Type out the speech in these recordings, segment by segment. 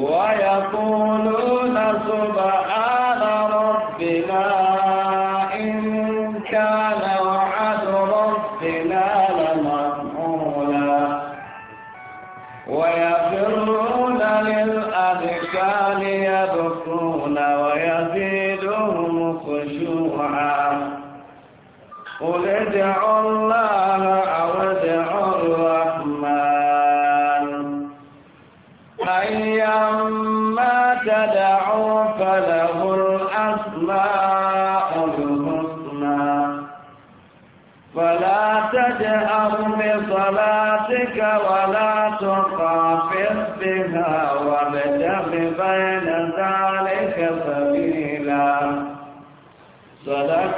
ويقولون سبحان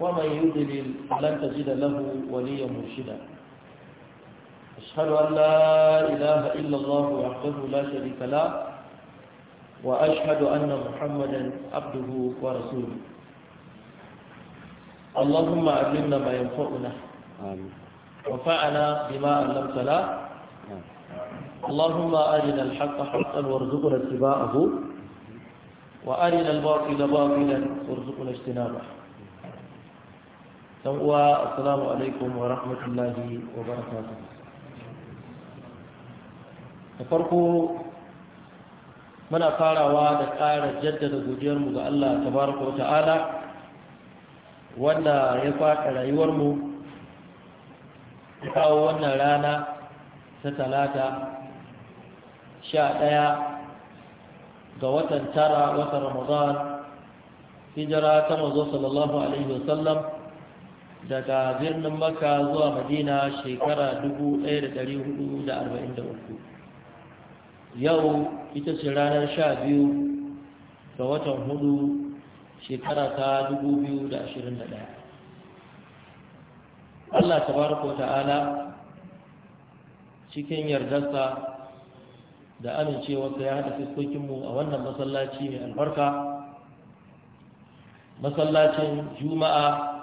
ومن يضلل فلن تجد له وليا مرشدا أشهد أن لا إله إلا الله وحده لا شريك له وأشهد أن محمدا عبده ورسوله اللهم علمنا ما ينفعنا وفعنا بما علمتنا اللهم أرنا الحق حقا وارزقنا اتباعه وأرنا الباطل باطلا وارزقنا اجتنابه dan uwa assalamu alaikum wa rahmatullahi wa barakatuh da farko muna farawa da ƙara jaddada godiyarmu ga Allah tabaraka wa ta'ala wanda ya faɗa rayuwarmu ya wannan rana ta talata sha ɗaya ga watan tara watan ramadan hijira ta mazo sallallahu alaihi wasallam daga birnin maka zuwa madina shekara 1443 yau ita ce ranar 12 ga watan hudu shekara ta 2021 Allah barko ta'ala cikin yardarsa da amincewarsa ya haɗa fuskokinmu a wannan masallaci mai albarka masallacin juma'a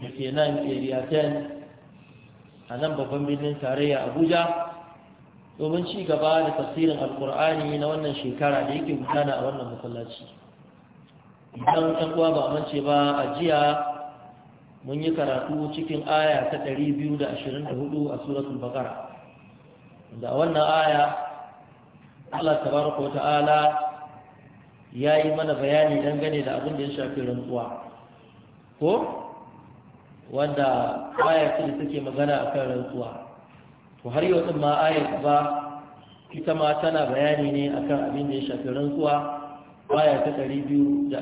da ke nan area 10 a nan babban birnin tarayya abuja domin ci gaba da tafsirin alkur'ani na wannan shekara da yake gudana a wannan masallaci idan ɗan uwa ba mace ba a jiya mun yi karatu cikin aya ta ɗari biyu 224 a suratul bakara da wannan aya Allah tabaraka wa ta'ala yi mana bayani dangane da abin da ya shafi rantsuwa ko wanda aya ce da take magana a kan rantsuwa to har yau ma aya ba ita ma tana bayani ne akan abin da ya shafi rantsuwa aya ta 225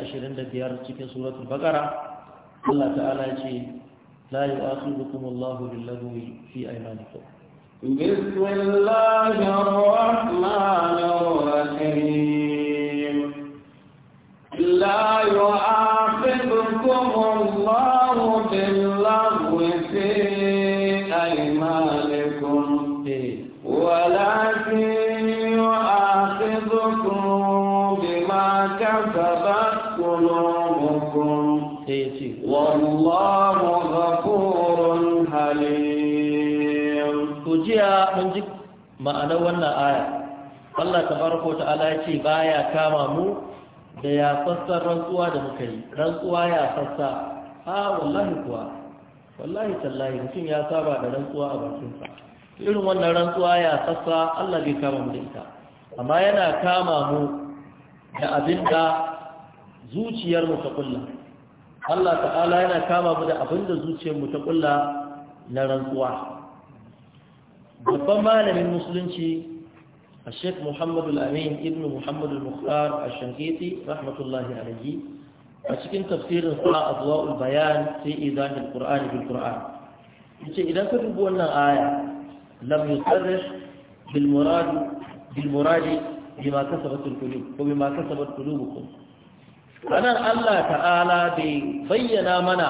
cikin suratul baqara Allah ta'ala ya ce la yu'akhidhukum Allahu bil-lagwi fi aymanikum بسم الله الرحمن الرحيم لا يؤاخذكم الله بالله ظلمكم والله غفور حليم تجيا من جك ma'anar wannan aya Allah tabaraka ta'ala ya ce baya kama mu da ya fassar rantsuwa da muka yi rantsuwa ya sassa ha wallahi kuwa wallahi tallahi mutum ya saba da rantsuwa a bakinsa irin wannan rantsuwa ya sassa Allah bai kama mu da ita amma yana kama mu da abinda. zuciyar ta kulla Allah ta'ala yana kama mu da abinda zuciyar mu ta kulla na rantsuwa babban malamin musulunci Sheikh Muhammad Al-Amin ibn Muhammad Al-Mukhtar al a cikin tafsirin sura Adwa'ul Bayan fi Izanil Qur'an bil Qur'an yace idan ka dubi wannan aya lam yusarrif bil murad bil murad bima kasabat al-qulub wa bima kasabat anan Allah ta'ala bai bayyana mana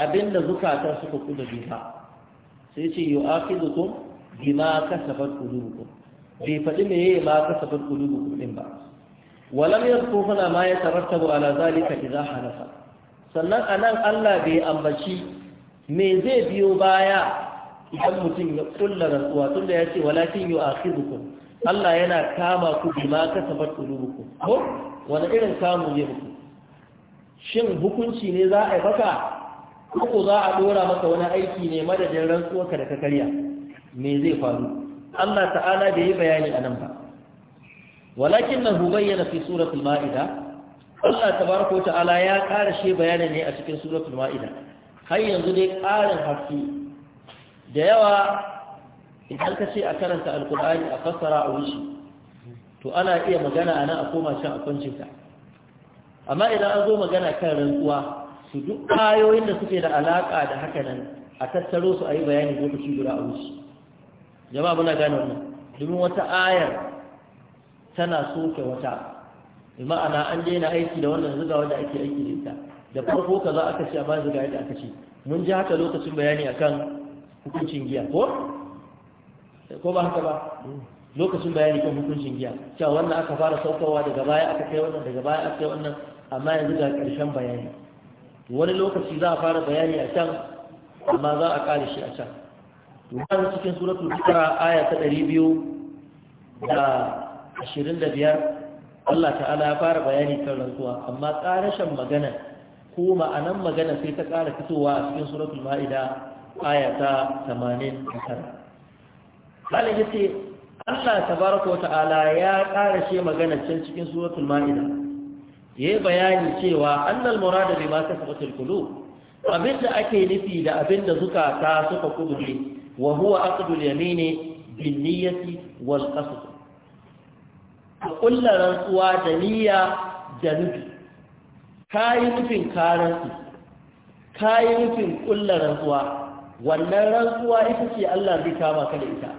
abinda zukata suka kuda biha sai ce yu'akidukum bima kasabat qulubukum bai faɗi me yayi ma kasabat qulubukum din ba walam yadhkur hana ma yatarattabu ala zalika idza halafa sannan anan Allah bai ambaci me zai biyo baya idan mutum ya kulla rantsuwa tunda yace walakin yu'akidukum Allah yana kama ku bima kasabat qulubukum ko wani irin kamu zai hukun shin hukunci ne za a yi maka uku za a dora maka wani aiki ne madadin rantsuwarka da ka karya me zai faru Allah ta'ala bai yi bayani a nan ba walakinahu bayyana fi suratul ma'ida Allah tabaraka ta'ala ya ƙara shi bayani ne a cikin suratul ma'ida har yanzu dai ƙarin haske da yawa idan ka ce a karanta alkur'ani a fassara a wuce to ana iya magana a nan a koma can a ka. amma idan an zo magana kan rantsuwa su duk ayoyin da suke da alaƙa da haka nan a tattaro su a yi bayani lokaci guda a wuce jama'a muna gane wannan domin wata ayar tana soke wata ma'ana an daina aiki da wannan zugawa da ake aiki da ita da farko ka za aka ce a amma zuga yadda aka ce mun ji haka lokacin bayani akan hukuncin giya ko ko ba haka ba lokacin bayani kan hukuncin giya cewa wannan aka fara saukowa daga baya aka kai wannan daga baya aka kai wannan amma yanzu ga ƙarshen bayani wani lokaci za a fara bayani a can amma za a ƙare shi a can wani cikin suratul bukara aya ta ɗari biyu da ashirin da biyar Allah ta'ala ya fara bayani kan rantsuwa amma ƙarashen magana ko ma'anan magana sai ta ƙara fitowa a cikin suratul ma'ida aya ta tamanin da tara. ya ce Allah tabaraka wa ta'ala ya ƙara ce magana can cikin suratul ma'ida yayi bayani cewa annal murada bima kasabatul qulub da ake nufi da abinda zukata suka kudure wa huwa aqdul yamini bin niyyati wal qasd kullu rantsuwa da niyya da nufi kai nufin karanti kai nufin kullu rantsuwa wannan rantsuwa ita ce Allah zai kama maka da ita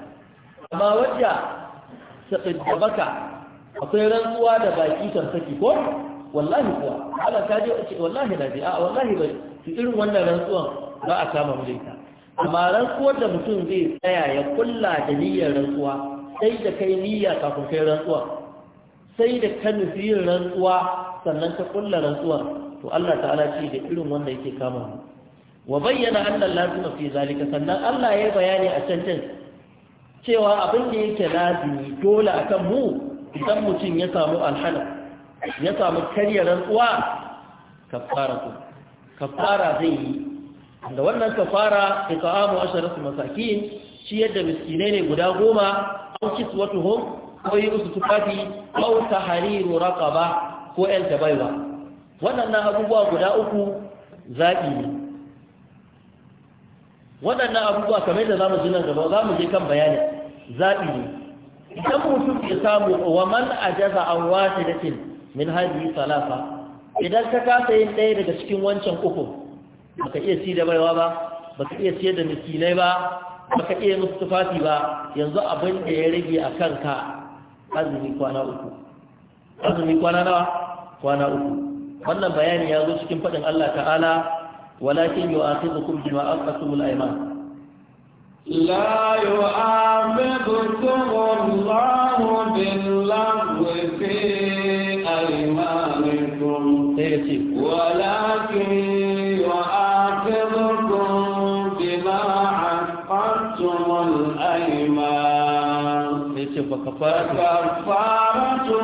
amma wadda ta baka akwai rantsuwa da baki kan saki ko wallahi kuwa ala ta je ce wallahi na bi'a wallahi bai su irin wannan rantsuwan ba a mu mijinta amma rantsuwar da mutum zai tsaya ya kulla da niyyar rantsuwa sai da kai niyya kafin kai rantsuwa sai da ka nufi yin rantsuwa sannan ka kulla rantsuwa to Allah ta'ala ce da irin wanda yake kama mu wa bayyana anna lazima fi zalika sannan Allah ya bayani a can cewa abin da yake lazimi dole akan mu idan mutum ya samu alhala ya samu karya rantsuwa kafara ku kafara zai yi da wannan kafara ta ta'amu asharatu masakin shi yadda miskinai ne guda goma an wata kiswatuhum ko yi musu tufafi au tahriru raqaba ko yan tabaiwa waɗannan abubuwa guda uku zaɓi ne waɗannan abubuwa kamar da za mu ji nan gaba za mu je kan bayani zaɓi ne idan mutum ya samu wa man ajaza an wace da min hajji salafa idan ka kasa yin ɗaya daga cikin wancan uku baka iya ci da baiwa ba baka iya ciyar da misilai ba baka iya musu tufafi ba yanzu abin da ya rage a kanka azumi kwana uku azumi kwana nawa kwana uku wannan bayani ya zo cikin faɗin Allah ta'ala walakin yu'akhidhukum bima aqatumul ayman لا يؤاخذكم الله باللغو في أيمانكم ولكن يؤاخذكم بما عقدتم الأيمان فكفارته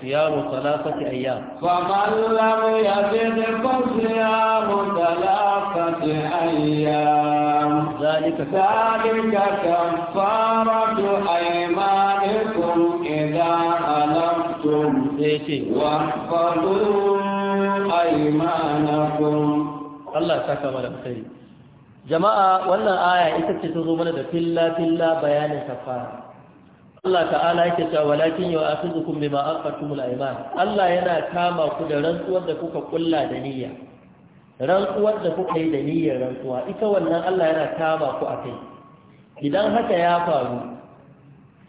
صيام ثلاثة أيام فمن لم يجد فصيام ثلاثة أيام ذلك ذلك كفارة أيمانكم إذا ألمتم واحفظوا أيمانكم الله سكبر الخير jama'a wannan aya ita ce ta zo mana da filla-filla bayanin kafara Allah ta'ala yake cewa walakin yau zukun bima mu ayman Allah yana kama ku da rantsuwar da kuka kulla da niyya rantsuwar da kuka yi da niyyar rantsuwa ita wannan Allah yana kama ku akai idan haka ya faru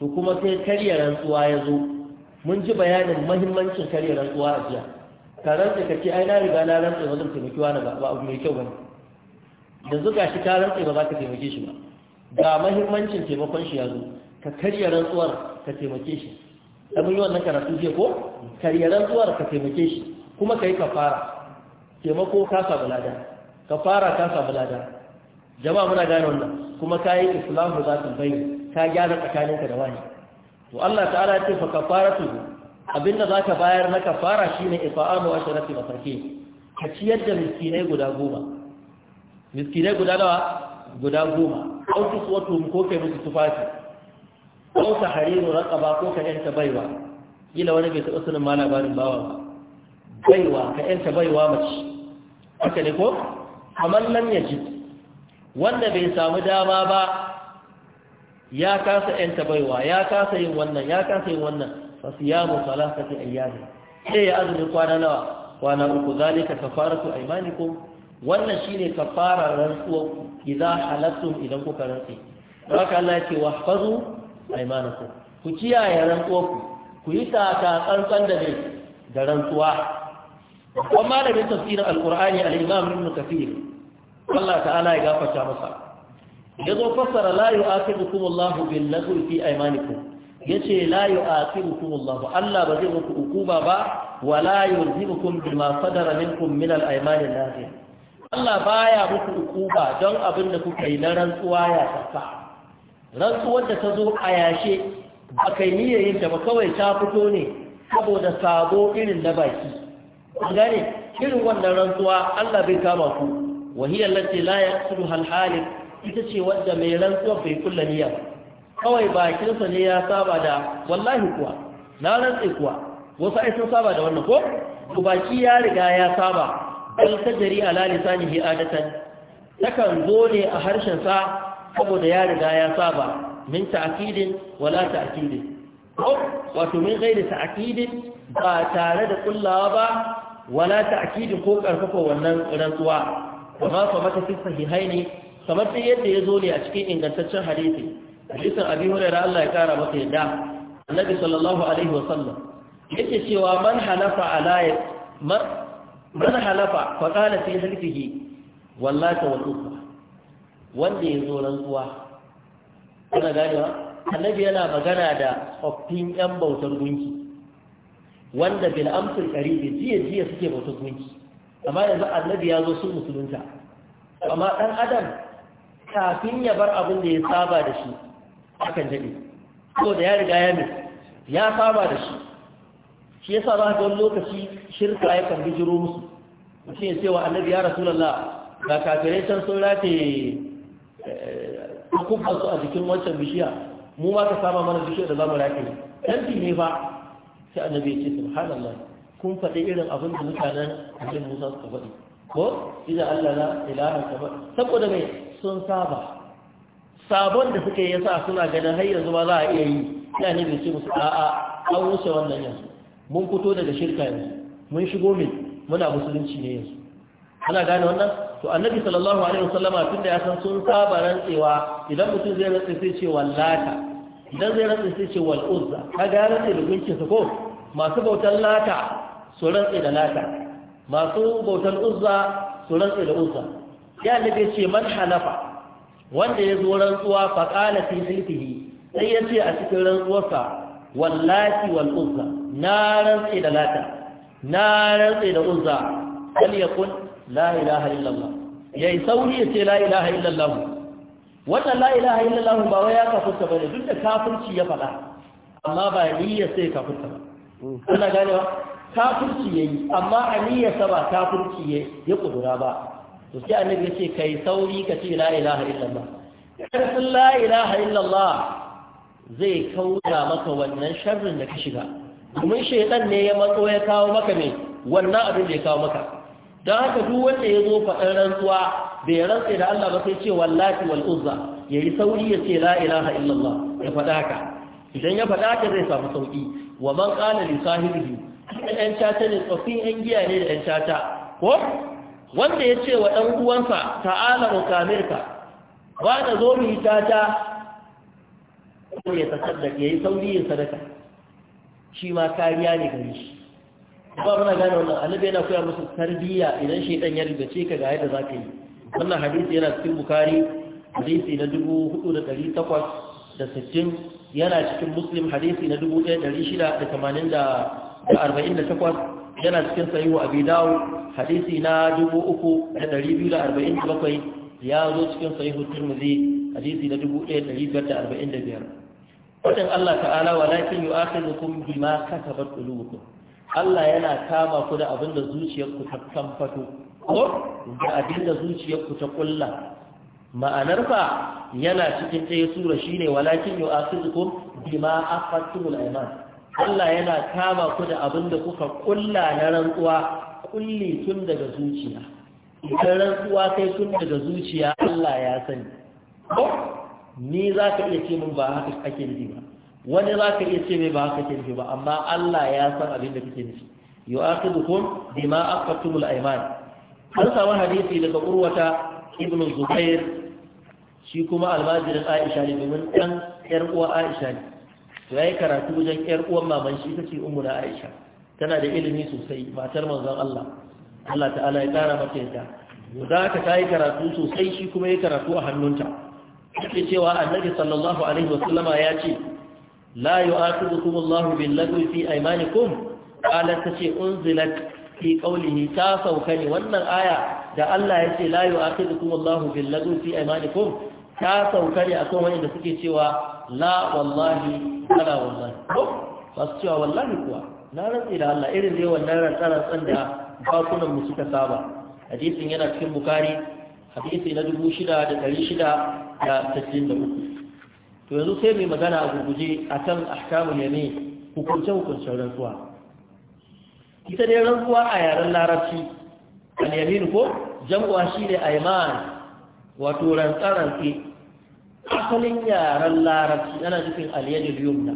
to kuma sai karya rantsuwa ya zo mun ji bayanin muhimmancin karya rantsuwa a jiya ka rantsa ka ce ai na riga na rantsa wajen taimaki wani ba abu mai kyau bane yanzu gashi ka rantsa ba za ka taimake shi ba ga muhimmancin taimakon shi ya zo ka karya rantsuwar ka taimake shi da mun yi wannan karatu je ko karya rantsuwar ka taimake shi kuma ka yi kafara taimako ka samu lada kafara ka samu lada jama'a muna gane wannan kuma ka yi islamu za ta bayi ka gyara tsakaninka da wani to Allah ta'ala ya ce fa kafaratu abinda za ka bayar na kafara shine ifa'amu asharati masakin ka ciyar da miskinai guda goma miskinai guda nawa guda goma autus wato ko kai musu tufafi ko ka hariru raƙaba ko ka yanta baiwa Gila wani bai taɓa sunan ma labarin bawa ba baiwa ka yanta baiwa mace haka ne ko kamar ya ji. wanda bai samu dama ba ya kasa yanta baiwa ya kasa yin wannan ya kasa yin wannan fa salasa ta ayyami sai ya azumi kwana nawa kwana uku zalika kafaratu ko? wannan shi ne ka fara rantsuwa idan halattun idan kuka rantsi ka Allah ya ce fazu aimanakum ku kiyaye rantsuwarku ku yi taka tsantsan da ne da rantsuwa babban malamin tafsirin alkur'ani al-imam ibn kafir Allah ta'ala ya gafarta masa ya zo fassara la yu'aqibukum na bil laghwi ya ce yace a yu'aqibukum Allahu Allah ba zai muku hukuma ba wa wala yulhimukum bima sadara minkum min al-ayman al-nafiya Allah baya muku hukuma don abin da kuka yi na rantsuwa ya tsaka rantsuwar da ta zo a yashe ba kai yin ta ba kawai ta fito ne saboda sabo irin na baki an gane irin wannan rantsuwa Allah bai kama ku wahiyar lati la yaqulu hal ita ce wadda mai rantsuwa bai kulla niyya kawai bakinsa ne ya saba da wallahi kuwa na rantsi kuwa wasu ai sun saba da wannan ko to baki ya riga ya saba bal tajri ala lisanihi adatan takan zo ne a harshen sa saboda ya riga ya saba min ta'kidin wala ta'kidin wato min ghairi ta'kidin ba tare da kullawa ba wala ta'kidin ko karfafa wannan rantsuwa kuma fa mata fi sahihaini kamar da yadda ya zo ne a cikin ingantaccen hadisi hadisin abi hurairah Allah ya kara masa yadda annabi sallallahu alaihi wa sallam yake cewa man halafa ala man halafa fa qala fi halfihi wallata ta ukhra wanda ya zo rantsuwa kuna ganewa annabi yana magana da tsoffin yan bautar gunki wanda bil amsul qaribi jiya jiya suke bautar gunki amma yanzu annabi ya zo sun musulunta amma dan adam kafin ya bar abin da ya saba da shi akan dade ko da ya riga ya mai ya saba da shi shi ya za ga wani lokaci shirka ya kan bijiro musu mutum ya ce wa annabi ya rasulullah ga kafirai can sun rataye kubban su a jikin wancan bishiya mu ma ka sama mana bishiyar da za mu rafe ɗanfi ne fa sai annabi ya ce subhanallah kun faɗi irin abin da mutanen abin musa suka faɗi ko ina allah na ilaha ba. saboda mai sun saba sabon da suka yi yasa suna ganin har yanzu ma za a iya yi ya ne bai ce musu a'a an wuce wannan yanzu mun fito daga shirka yanzu mun shigo mai muna musulunci ne yanzu ana gane wannan to annabi sallallahu alaihi wasallama tun da ya san sun saba rantsewa idan mutum zai rantse sai ce wallata idan zai rantse sai ce wal uzza kaga rantse da gunkin sa ko masu bautan lata su rantse da lata masu bautan uzza su rantse da uzza ya annabi ce man halafa wanda ya zo rantsuwa fa qala fi hilfihi sai ya ce a cikin rantsuwarsa wallati wal uzza na rantse da lata na rantse da uzza kal yakun la ilaha illallah yayi sauri ya ce la illallah wannan la illallah ba ya kafurta ba ne duk da kafirci ya faɗa amma ba niyya sai kafurta ba kana gane ba kafirci yayi amma aniyarsa ba kafirci ya kudura ba to sai annabi ya ce kai sauri ka ce la ilaha illallah karfin la ilaha illallah zai kauda maka wannan sharrin da ka shiga domin ne ya matso ya kawo maka ne wannan abin da ya kawo maka don haka duk wanda ya zo faɗin rantsuwa bai rantsa da Allah ba sai ce wallahi wal uzza yayi sauri ya ce la ilaha illallah ya faɗa ka idan ya faɗa ka zai samu sauki wa man qala li sahibihi ɗan cata ne tsofi ɗan giya ne da ɗan ko wanda ya ce wa ɗan uwansa ta'ala wa kamirka ba da zo mu yi cata ko ya tasaddaka yayi sauri ya sadaka shi ma kariya ne gare shi ba muna gane wannan annabi yana koya musu tarbiyya idan shaytan ya rigace ka ga yadda ka yi wannan hadisi yana cikin bukari hadisi na dubu hudu da da dari takwas sittin yana cikin muslim hadisi na dubu shida da da da tamanin arba'in takwas yana cikin sahihu abi dawo hadisi na dubu uku da da dari biyu arba'in 3247 ya zo cikin sahihu tirmidhi hadisi na dubu biyar da da arba'in biyar. wadin Allah ta'ala wa walakin yu'akhidukum bima kasabat qulubukum Allah yana kama ku da abin da zuciyarku ta kamfato ko da abin da zuciyarku ta kulla ma'anar fa yana cikin ɗaya sura shine walakin yu'akhidhukum bima aqadtumul iman." Allah yana kama ku da abin da kuka kulla na rantsuwa kulli tun daga zuciya idan rantsuwa kai tun daga zuciya Allah ya sani Ko ni za ka iya ce min ba haka ake ji ba wani za ka iya ce mai ba haka ke nufi ba amma Allah ya san abin da kake nufi yau aka dukun bima an samu hadisi daga urwata ibn zubair shi kuma almajirin aisha ne domin ɗan ƴar uwa aisha ne to ya yi karatu wajen ƴar uwan maman shi ta ce aisha tana da ilimi sosai matar manzon Allah Allah ta'ala ya kara mata yadda za ka ta yi karatu sosai shi kuma ya karatu a hannunta take cewa annabi sallallahu alaihi wasallama ya ce la yu'akhidhukum Allahu bil lagwi kun? aymanikum qalat tace unzilat fi qawlihi ta sauka ne wannan aya da Allah ya yace la yu'akhidhukum Allahu bil lagwi fi kun? ta sauka ne a akan da suke cewa la wallahi ala wallahi ba su cewa wallahi kuwa na rantsi da Allah irin dai wannan rantsaran da bakunan mu suka saba hadisin yana cikin bukari hadisi na dubu shida shida da da da uku. to yanzu sai mai magana a gurguje a kan ahkamun yame hukunce-hukuncen rantsuwa ita dai rantsuwa a yaren larabci al-yamin ko jam'uwa shi ne aiman wato rantsarantse asalin yaren larabci ana nufin al-yadil yumna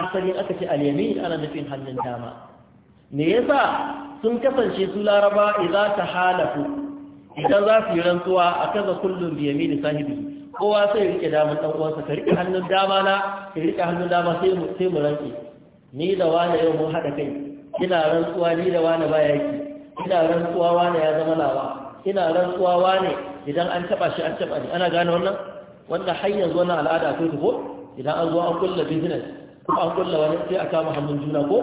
asalin aka ce al-yamin ana nufin hannun dama me yasa sun kasance su laraba idan ta halafu idan za su yi rantsuwa a kaza kullum biyami da sahibi kowa sai ya rike damar ɗan uwansa ka rike hannun dama na ka rike hannun dama sai mu sai mu rantsi ni da wani yau mun haɗa kai ina rantsuwa ni da wani baya yake ina rantsuwa wani ya zama lawa ina rantsuwa wani idan an taɓa shi an taɓa ni ana gane wannan wanda har yanzu wannan al'ada akwai ta ko idan an zo an kulla business ko an kulla wani sai a kama hannun juna ko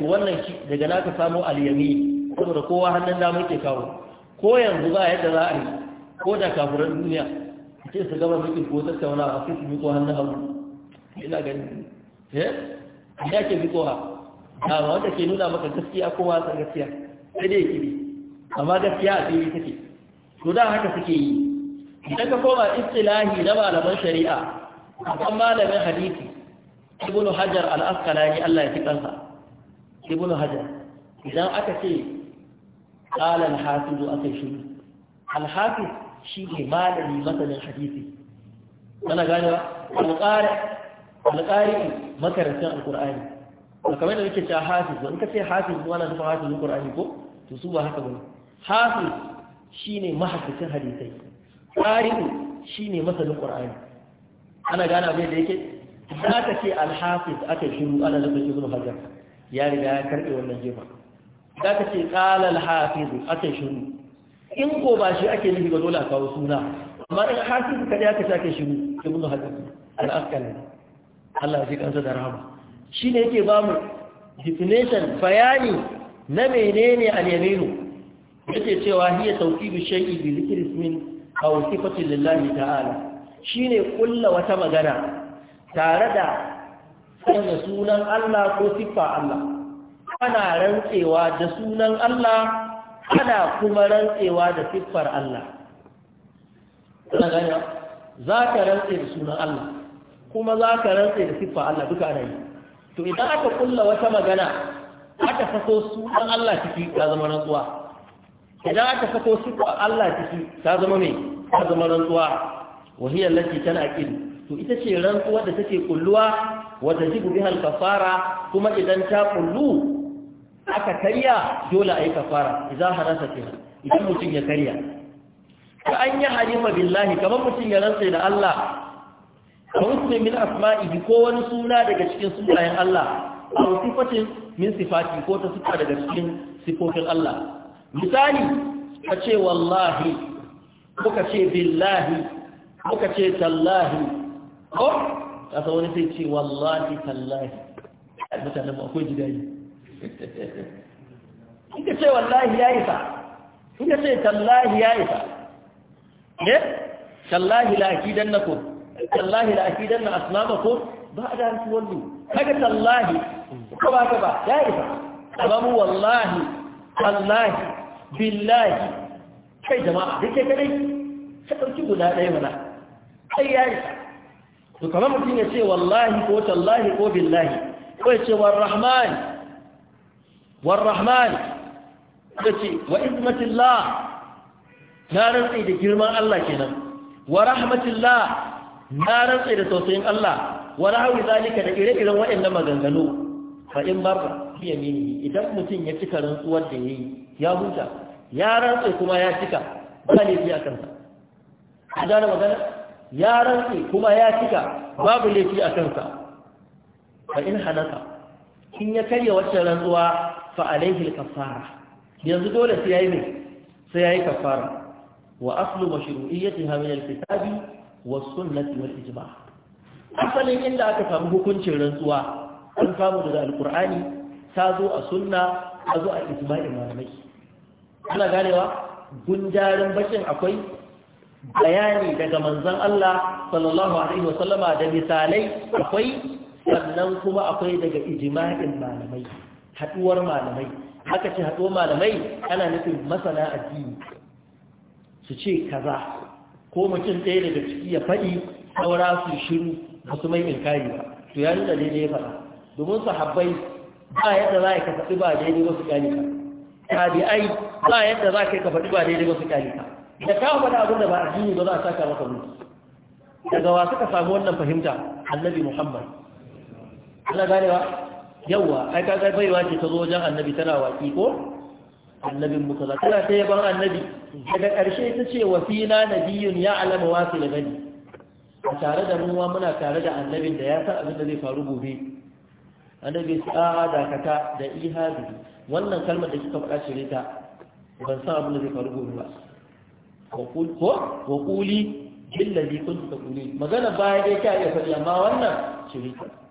wannan shi daga naka samo aliyami saboda kowa hannun dama ke kawo ko yanzu ba yadda za a yi ko da kafuran duniya sai su gaba mikin ko tattaunawa sai su miko hannun hagu ina ganin eh ya ke mikowa a wanda ke nuna maka gaskiya kuma san gaskiya sai dai kibi amma gaskiya a fili take to da haka suke yi idan ka koma istilahi na malaman shari'a akan malamin hadisi ibnu hajar al-asqalani Allah ya ci kansa ibnu hajar idan aka ce qala al-hafiz aka shi al-hafiz shi ne malami masanin hadisi kana gane alƙari alƙari makarantar alƙur'ani a kamar da muke cewa hafiz in ka ce hafiz zuwa ana nufin hafiz alƙur'ani ko to su ba haka ba hafiz shine ne mahaifin hadisai ƙari shine masanin ƙur'ani ana gane abin da yake za ka ce alhafiz aka shiru ana nufin ibn hajar ya riga ya karɓe wannan jefa za ka ce ƙalal hafiz aka shiru in ko ba shi ake nufi ba dole a kawo suna amma in hakim ka da aka sake shiru ibnu hakim al-asqalani Allah ya kansa da rahama ne yake ba mu definition bayani na menene al-yaminu yake cewa hiya tawkidu shay'i bi dhikri ismin aw sifatin lillahi ta'ala shine kulla wata magana tare da sanin sunan Allah ko siffa Allah ana rantsewa da sunan Allah ana kuma rantsewa da siffar Allah za ka rantse da sunan Allah kuma za ka rantse da siffar Allah duka ana yi to idan aka kulla wata magana aka sako sunan Allah ciki ta zama rantsuwa idan aka sako siffar Allah ciki ta zama mai ta zama rantsuwa wahiyar lati tana aqil to ita ce rantsuwa da take kulluwa wata jibu bihal kafara kuma idan ta kullu aka karya dole a yi kafara idan harasa ce idan mutum ya karya Ka an yi halima billahi kamar mutum ya rantsa da Allah kawai min asma'ihi ko wani suna daga cikin sunayen Allah a sifatin min sifati ko ta suka daga cikin sifofin Allah misali ka ce wallahi ko ka ce billahi ko ka ce tallahi ko ka wani sai ce wallahi tallahi mutanen akwai jidayi in ce wallahi ya isa in ka ce tallahi ya isa ne tallahi la akidan na ko tallahi la akidan na asnama ko ba da hantu wallu kaga tallahi ko ba ka ba ya isa abamu wallahi tallahi billahi kai jama'a dai kai kadai ka ɗauki guda ɗaya mana kai ya isa to kamar mutum ya ce wallahi ko tallahi ko billahi ko ya ce wa rahman warrahman ta ce wa izmatillah na rantse da girman Allah kenan wa rahmatillah na rantse da tausayin Allah wa rahawi zalika da ire-iren waɗannan maganganu fa in barra fi yamini idan mutum ya cika rantsuwar da yayi ya huta ya rantse kuma ya cika ba ne fi akan sa da magana ya rantsi kuma ya cika babu laifi a kansa fa in halaka in ya karya wacce rantsuwa fa alaihi al yanzu dole sai yayi ne sai yayi kaffara wa aslu mashru'iyyatiha min al-kitabi wa sunnati wal ijma' asalin inda aka samu hukuncin rantsuwa an samu daga alqur'ani ta zo a sunna ta zo a ijma'i malamai ana ganewa gundarin bakin akwai bayani daga manzon Allah sallallahu alaihi wasallama da misalai akwai sannan kuma akwai daga ijma'in malamai haduwar malamai haka ce haduwar malamai ana nufin masana addini su ce kaza ko mutum ɗaya daga ciki ya faɗi saura su shiru ba su mai inkari ba to ya nuna daidai ya faɗa domin sahabbai ba yadda za ka faɗi ba daidai ba su gane ka tabi'ai ba yadda za ka faɗi ba daidai ba su gane ka da kawo faɗa abin da ba addini ba za a saka maka mutu daga wa suka samu wannan fahimta annabi muhammad Allah ba. yawa ai ka kai baiwa ce ta zo wajen annabi tana waki ko annabin muka za tana ta ban annabi daga ƙarshe ta ce wa fina nabiyun ya alama wasu da gani a tare da ruwa muna tare da annabin da ya san abin da zai faru gobe annabi su a dakata da ihadu wannan kalmar da kika faɗa cire ta ban san abin da zai faru gobe ba ko wa kuli billazi kuntu kuli. magana baya dai ka iya faɗi amma wannan cire ta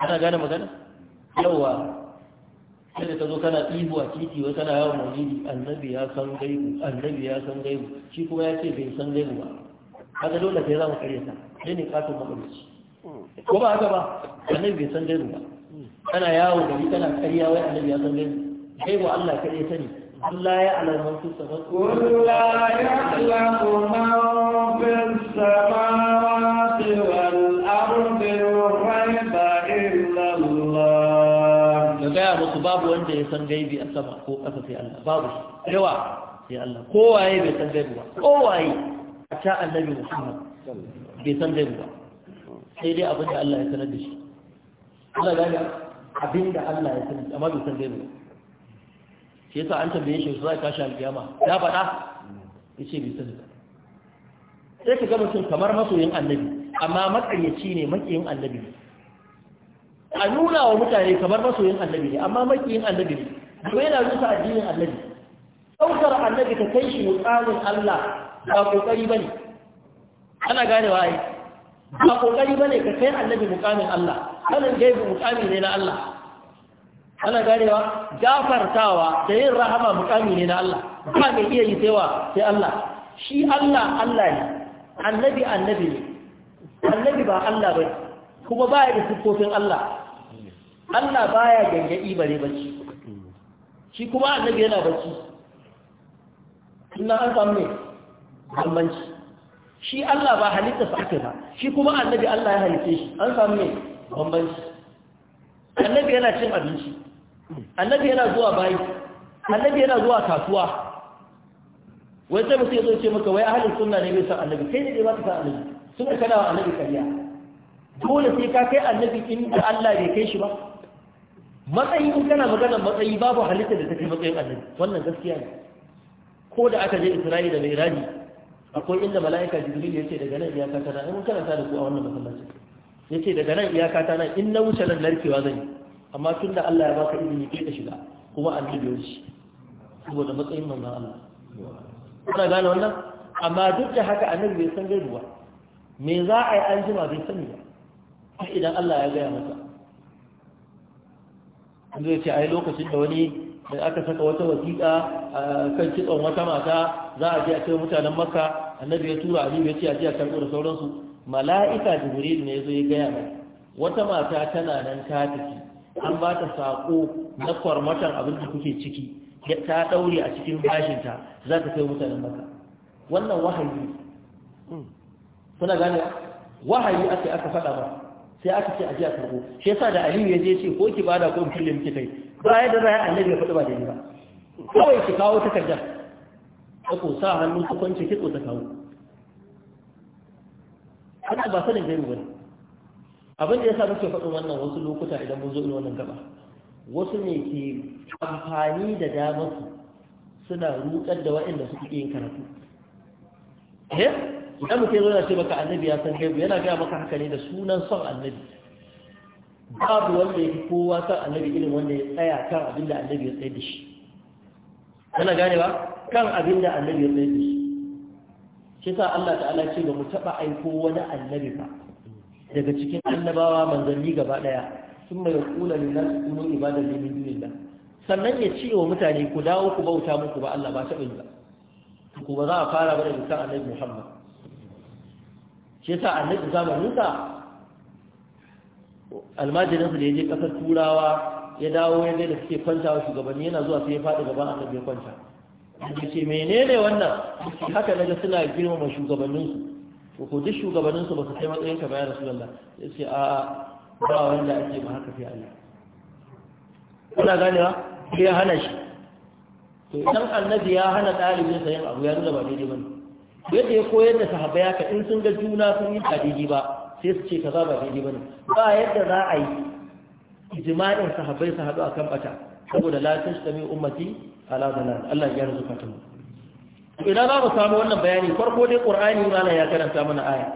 ana gane magana yawa sai da ka zo kana ibu a titi wai kana yawon maulidi annabi ya san gaibu annabi ya san gaibu shi kuma ya ce bai san gaibu ba haka dole sai za mu kare ta sai ne kafin makamaci ko ba haka ba annabi bai san gaibu ba kana yawo da kana karya wai annabi ya san gaibu ba Allah kare sani Allah ya alamar su sama Allah ma fi samawati wa wanda ya san gaibi a sama ko ƙasa sai Allah babu yawa sai Allah kowaye bai san gaibi ba kowaye a ta annabi Muhammad bai san gaibi ba sai dai abin da Allah ya sanar da shi Allah gani abin da Allah ya sanar amma bai san gaibi ba shi yasa an tambaye shi su kashi ka shi alkiyama ya faɗa ya ce bai sani ba sai ka ga mutum kamar masoyin annabi amma makaryaci ne makiyin annabi a nuna wa mutane kamar masoyin annabi ne amma makiyin annabi ne kuma yana rusa addinin annabi ɗaukar annabi ta kai shi mutsamin Allah ba kokari ne. ana ganewa ai ba kokari ne ka kai annabi mukamin Allah sanin gaibi mukami ne na Allah ana ganewa gafartawa da yin rahama mukami ne na Allah ba mai iya yi saiwa sai Allah shi Allah Allah ne annabi annabi ne annabi ba Allah bane kuma ba ya da siffofin Allah Allah baya gangadi bare bacci shi kuma annabi yana bacci ina an samu ne bambanci shi Allah ba halitta su ake ba shi kuma annabi Allah ya halitta shi an samu ne bambanci annabi yana cin abinci annabi yana zuwa bayi annabi yana zuwa kasuwa wai sai mutum ya zo ce maka wai ahalin sunna ne bai san annabi kai ne dai ba ka san annabi suna kana wa annabi kariya dole sai ka kai annabi inda Allah bai kai shi ba matsayi in kana magana matsayi babu halitta da ta matsayin annabi wannan gaskiya ne ko da aka je Isra'ila da rani akwai inda mala'ika Jibril ya ce daga nan iyaka ta nan mun kana da ku a wannan masallaci ya ce daga nan iyaka ta nan in na wuce nan narkewa zan yi amma tun da Allah ya baka izini kai ka shiga kuma annabi ya wuce saboda matsayin manzon Allah kuna gane wannan amma duk da haka annabi bai san gaibuwa me za a yi an jima bai sani ba idan Allah ya gaya masa zai ce ai lokacin da wani da aka saka wata wasiƙa a kan kitson wata mata za a je a kai mutanen maka. annabi ya tura aliyu ya ce a je a karɓo da sauransu mala'ika wuri ne ya zo ya gaya mai wata mata tana nan ta tafi an ba ta saƙo na kwarmatan abin da kuke ciki ta ɗaure a cikin bashinta za ta kai mutanen maka wannan wahayi suna hmm. gane wahayi aka aka faɗa ba sai aka ce a ji a karbo shi yasa da aliyu ya je ce ko ki bada ko mutum miki kai ba ya da za a annabi ya faɗi ba da ni ba kawai ki kawo takardar ta ko sa hannu ta kwance ki ta kawo ana ba sanin gairu bane abin da yasa muke faɗin wannan wasu lokuta idan mun zo wannan gaba wasu ne ke amfani da damar suna rutsar da waɗanda suke yin karatu eh idan mutum yana ce maka annabi ya san gaibu yana gaya maka haka ne da sunan son annabi babu wanda ya fi kowa san annabi irin wanda ya tsaya kan abin da annabi ya tsaye da shi kana gane ba kan abin da annabi ya tsaye da shi shi sa Allah ta'ala ce ba mu taɓa aiko wani annabi ba daga cikin annabawa manzanni gaba ɗaya sun mai kula ne na kunu ibadar da min dunilla sannan ya ce wa mutane ku dawo ku bauta muku ba Allah ba taɓa yi ba ku ba za a fara ba da bisan annabi Muhammad shi yasa annabi zamaninsa almajirinsa da ya je ƙasar turawa ya dawo ya da suke kwanta wa shugabanni yana zuwa sai ya faɗi gaban annabi ya kwanta ya ce menene wannan haka naga suna girmama shugabanninsu to ko duk shugabanninsu ba su kai matsayin ka bayan rasulullah ya ce a ba wanda ake ba haka sai Allah kuna ganewa wa? ya hana shi to idan annabi ya hana ɗalibinsa yin abu ya nuna ba daidai ne. yadda ya koyar da sahabbai haka in sun ga juna sun yi ba daidai ba sai su ce kaza ba daidai ba ne ba yadda za a yi ijma'in sahabbai su haɗu kan ɓata saboda la tashtami ummati ala dalal Allah ya rizuka ta idan za mu samu wannan bayani farko dai qur'ani mana ya karanta mana aya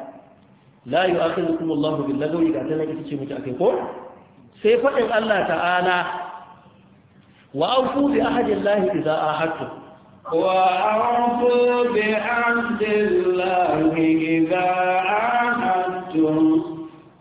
la yu'akhidhukum Allahu bil lagwi da tana ita ce muke akai ko sai faɗin Allah ta'ala wa awfu bi ahdi Allah a ahadtum وأوفوا بعهد الله إذا عاهدتم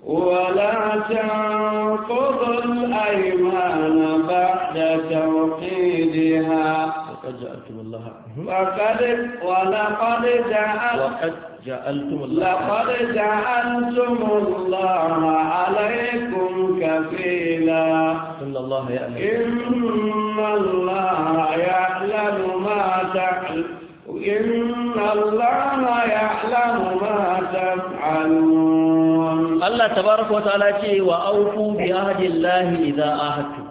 ولا تنقضوا الأيمان بعد توحيدها وقد جعلتم الله وقد ولقد جعل وقد جعلتم الله لقد جعلتم الله عليكم كفيلا إن الله يعلم إن الله يعلم ما تعلم إن الله يعلم ما تفعلون الله تبارك وتعالى شيء وأوفوا بعهد الله إذا عاهدتم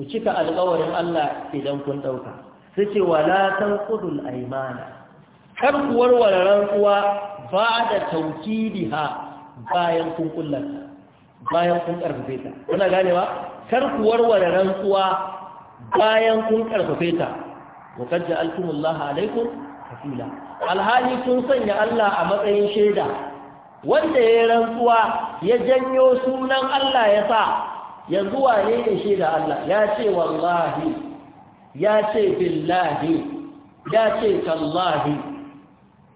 ku cika alƙawarin Allah idan kun ɗauka Su ce wala tanqudul aimana. kar ku warware rantsuwa ba da tawkidiha bayan kun kullata bayan kun karfafe ta kuna ba. kar ku warware rantsuwa bayan kun karfafe ta wa qad ja'altumullaha alaykum kafila alhali sun sanya Allah a matsayin shaida wanda ya yi rantsuwa ya janyo sunan Allah ya sa yanzu wane ne shi da Allah ya ce wallahi ya ce billahi ya ce tallahi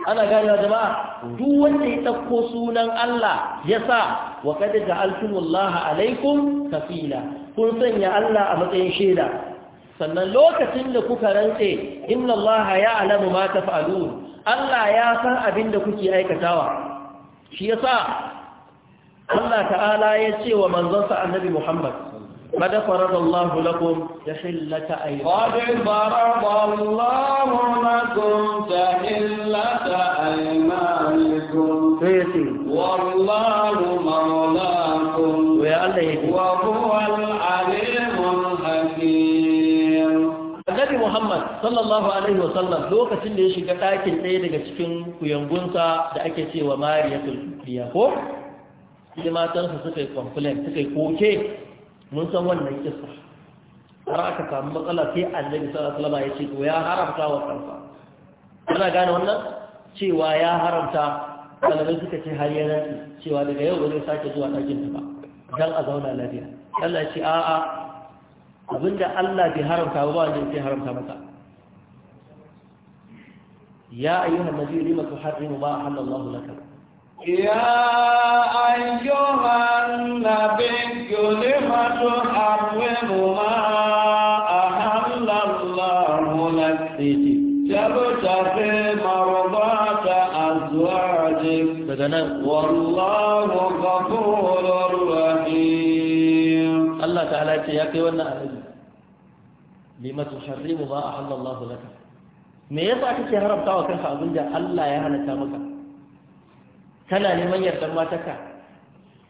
ana gane wa jama'a duk wanda ya dauko sunan Allah ya sa wa kada ja'altumullaha alaikum kafila kun sanya Allah a matsayin shaida sannan lokacin da kuka rantse inna Allah ya alamu ma taf'alun Allah ya san abin da kuke aikatawa shi yasa Allah ta'ala ya ce wa manzonsa annabi Muhammad قد فرض الله لكم تحلة أيمان قد فرض الله لكم تحلة أيمانكم والله مولاكم وهو العليم الحكيم Annabi Muhammad sallallahu Alaihi sallam lokacin da ya shiga ɗakin ɗaya daga cikin kuyangunsa da ake cewa Mariyatul Biya ko? sai matansa suka yi complain suka yi koke mun san wannan kisa har aka samu matsala sai annabi sallallahu alaihi wasallam ya ce to ya haramta wa kansa kana gane wannan cewa ya haramta malamai suka ce har yana cewa daga yau ba zai sake zuwa ɗakin ba dan a zauna lafiya Allah ya ce a'a abinda Allah bai haramta ba wanda yake haramta maka ya ayyuhan nabiyyu lima tuharrimu ma ahalla Allah laka يا أيها النبي لم تحرم ما أحل الله لك تبتغي مرضاة أزواجك والله غفور رحيم الله تعالى يا كيوانا لم تحرم ما أحل الله لك me yasa kake haramta wa kanka abin da Allah ya halatta maka kana neman yardan mataka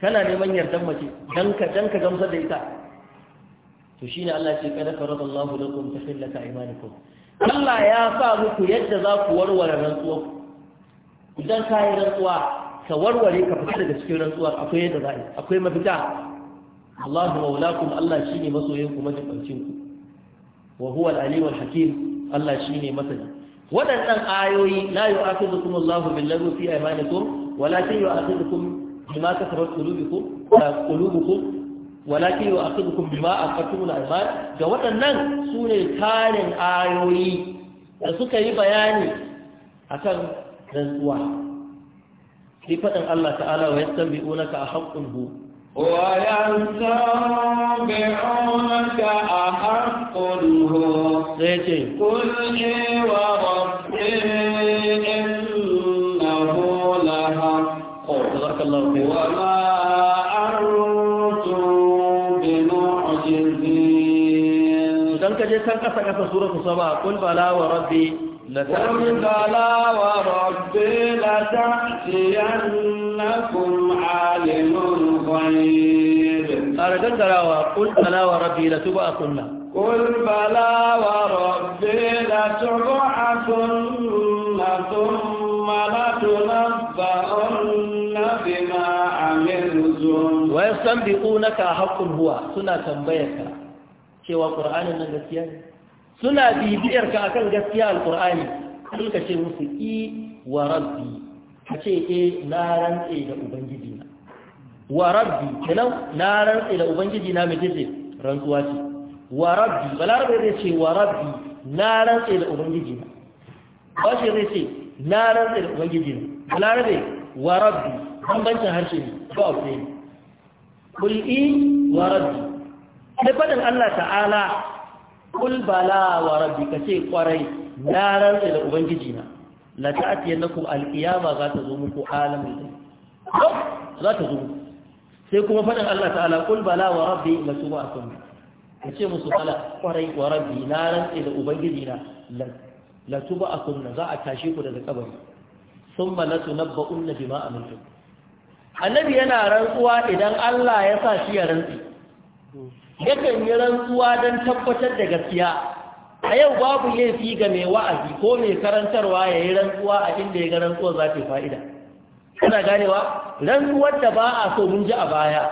kana neman yardan mace dan ka dan ka gamsar da ita to shine Allah ya ce kada ka faradallahu lakum tahillata imanikum Allah ya sa muku yadda za ku warware rantsuwa idan ka yi rantsuwa ka warware ka fita daga cikin rantsuwar akwai yadda za a yi, akwai mafita Allahu maulakum Allah shine masoyin ku majibancin ku wa huwa al-alim al-hakim Allah shine masani waɗannan ayoyi la yu'akhidhukum Allahu bil-lagwi fi aymanikum walakin yu'akhidukum bima kasabat qulubukum qulubukum walakin yau a tudukun bima a katunan aiman ga waɗannan su ne tarin ayoyi da suka yi bayani akan kan rantsuwa sai faɗin Allah ta'ala wa yassan bi a haƙƙun hu wa yassan bi unaka a haƙƙun hu sai ce kulli wa rabbi الله خير وما أنتم بمعجزين تلك جي كان قصة قصة سورة الصباح قل بلا وربي لتأتينكم قل بلا وربي لتأتينكم عالم الغيب أردت دراوة قل بلا وربي لتبعثن قل بلا وربي لتبعثن yastanbiqunaka haqqun huwa suna tambayarka cewa qur'anin nan gaskiya ne suna bibiyar ka akan gaskiya alqur'ani kun ka ce musu i wa rabbi ka ce eh na rantse da ubangiji na wa rabbi kenan na rantse da ubangiji na mai tace rantsuwa ce wa rabbi balarabe zai ce wa rabbi na rantse da ubangiji na bashi zai ce na rantse da ubangiji na balarabe wa rabbi bambancin harshe ne ba ku ne kul'i wa rabbi da faɗin Allah ta'ala kul bala wa rabbi ka ce kwarai na rantsa da ubangiji na la ta'ati yanakum alqiyama za ta zo muku alamin za ta zo sai kuma faɗin Allah ta'ala kul bala wa rabbi la subhanakum ka ce musu bala kwarai wa rabbi na rantsa da ubangiji na la tuba'akum za a tashi ku daga kabari thumma latunabba'unna bima amiltum annabi yana rantsuwa idan Allah ya sa shi ya rantsi yakan yi rantsuwa don tabbatar da gaskiya a yau babu laifi ga mai wa'azi ko mai karantarwa ya yi rantsuwa a inda ya ga rantsuwa za ta fa'ida kana ganewa rantsuwar da ba a so mun ji a baya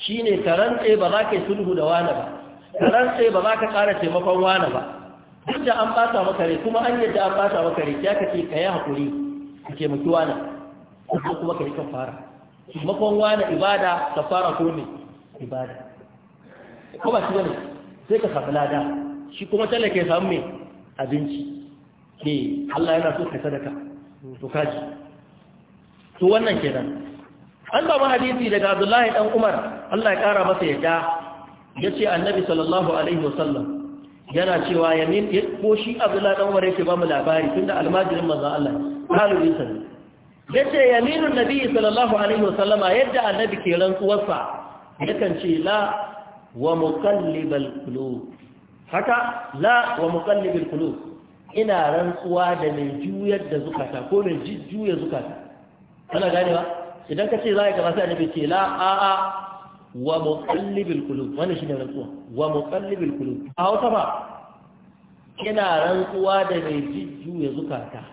shine ka rantse ba za ka yi sulhu da wani ba ka rantse ba za ka ƙara taimakon wani ba duk da an ɓata maka rai kuma an yadda an ɓata maka rai ya ka ce ka yi haƙuri ka taimaki wani kuma ka yi kan fara makon wani ibada ka fara ko ne ibada ko ba shi ne sai ka samu lada shi kuma talaka ke samu mai abinci ne eh, Allah yana so ka sadaka to kaji to wannan kenan an samu hadisi daga Abdullahi dan Umar Allah ya kara masa yadda yace Annabi sallallahu alaihi wasallam yana cewa yamin ko shi abdullahi dan Umar yake ba mu labari tunda almajirin manzo Allah talibin sallallahu yace yaminun nabi sallallahu alaihi wasallama yadda annabi ke rantsuwarsa yakan ce la wa muqallibal qulub haka la wa muqallibal qulub ina rantsuwa da mai juyar da zukata ko mai jujjuya zukata kana ba, idan kace za ka gaba sai annabi ce la a a wa muqallibal qulub wannan shine rantsuwa wa muqallibal qulub a hausa ba ina rantsuwa da mai jujjuya zukata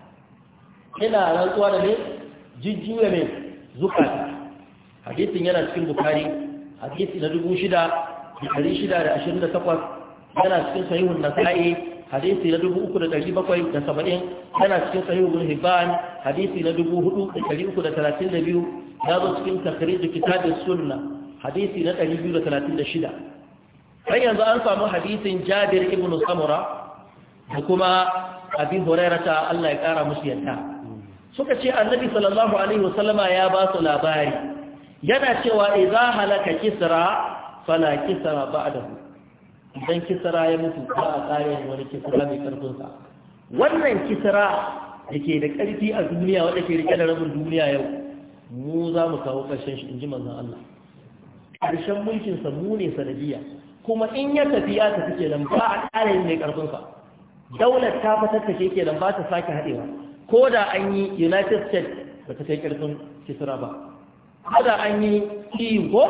ina rantsuwa da mai jijjuya mai zukata hadisin yana cikin bukari hadisi na dubu shida da ɗari shida da ashirin da takwas yana cikin sahihun nasa'i hadisi na dubu uku da ɗari bakwai da saba'in yana cikin sahihun hibban hadisi na dubu hudu da ɗari uku da talatin da biyu ya zo cikin da kitabin sunna hadisi na ɗari biyu da talatin da shida har yanzu an samu hadisin jabir ibn samura da kuma abin ta Allah ya ƙara musu yadda suka ce annabi sallallahu alaihi wasallama ya ba su labari yana cewa idza halaka kisra fala kisra ba'dahu idan kisra ya mutu ba a tsare wani kisra mai karfin sa wannan kisra dake da karfi a duniya wanda ke rike da rabin duniya yau mu za mu kawo ƙarshen shi inji manzon Allah ƙarshen mulkin sa mu ne sanadiya kuma in ya tafi ya tafi kenan ba a tsare mai karfin sa daular ta fatar take kenan ba ta sake hadewa ko da an yi united states ba ta kai ƙarfin kisira ba ko da an yi eu ko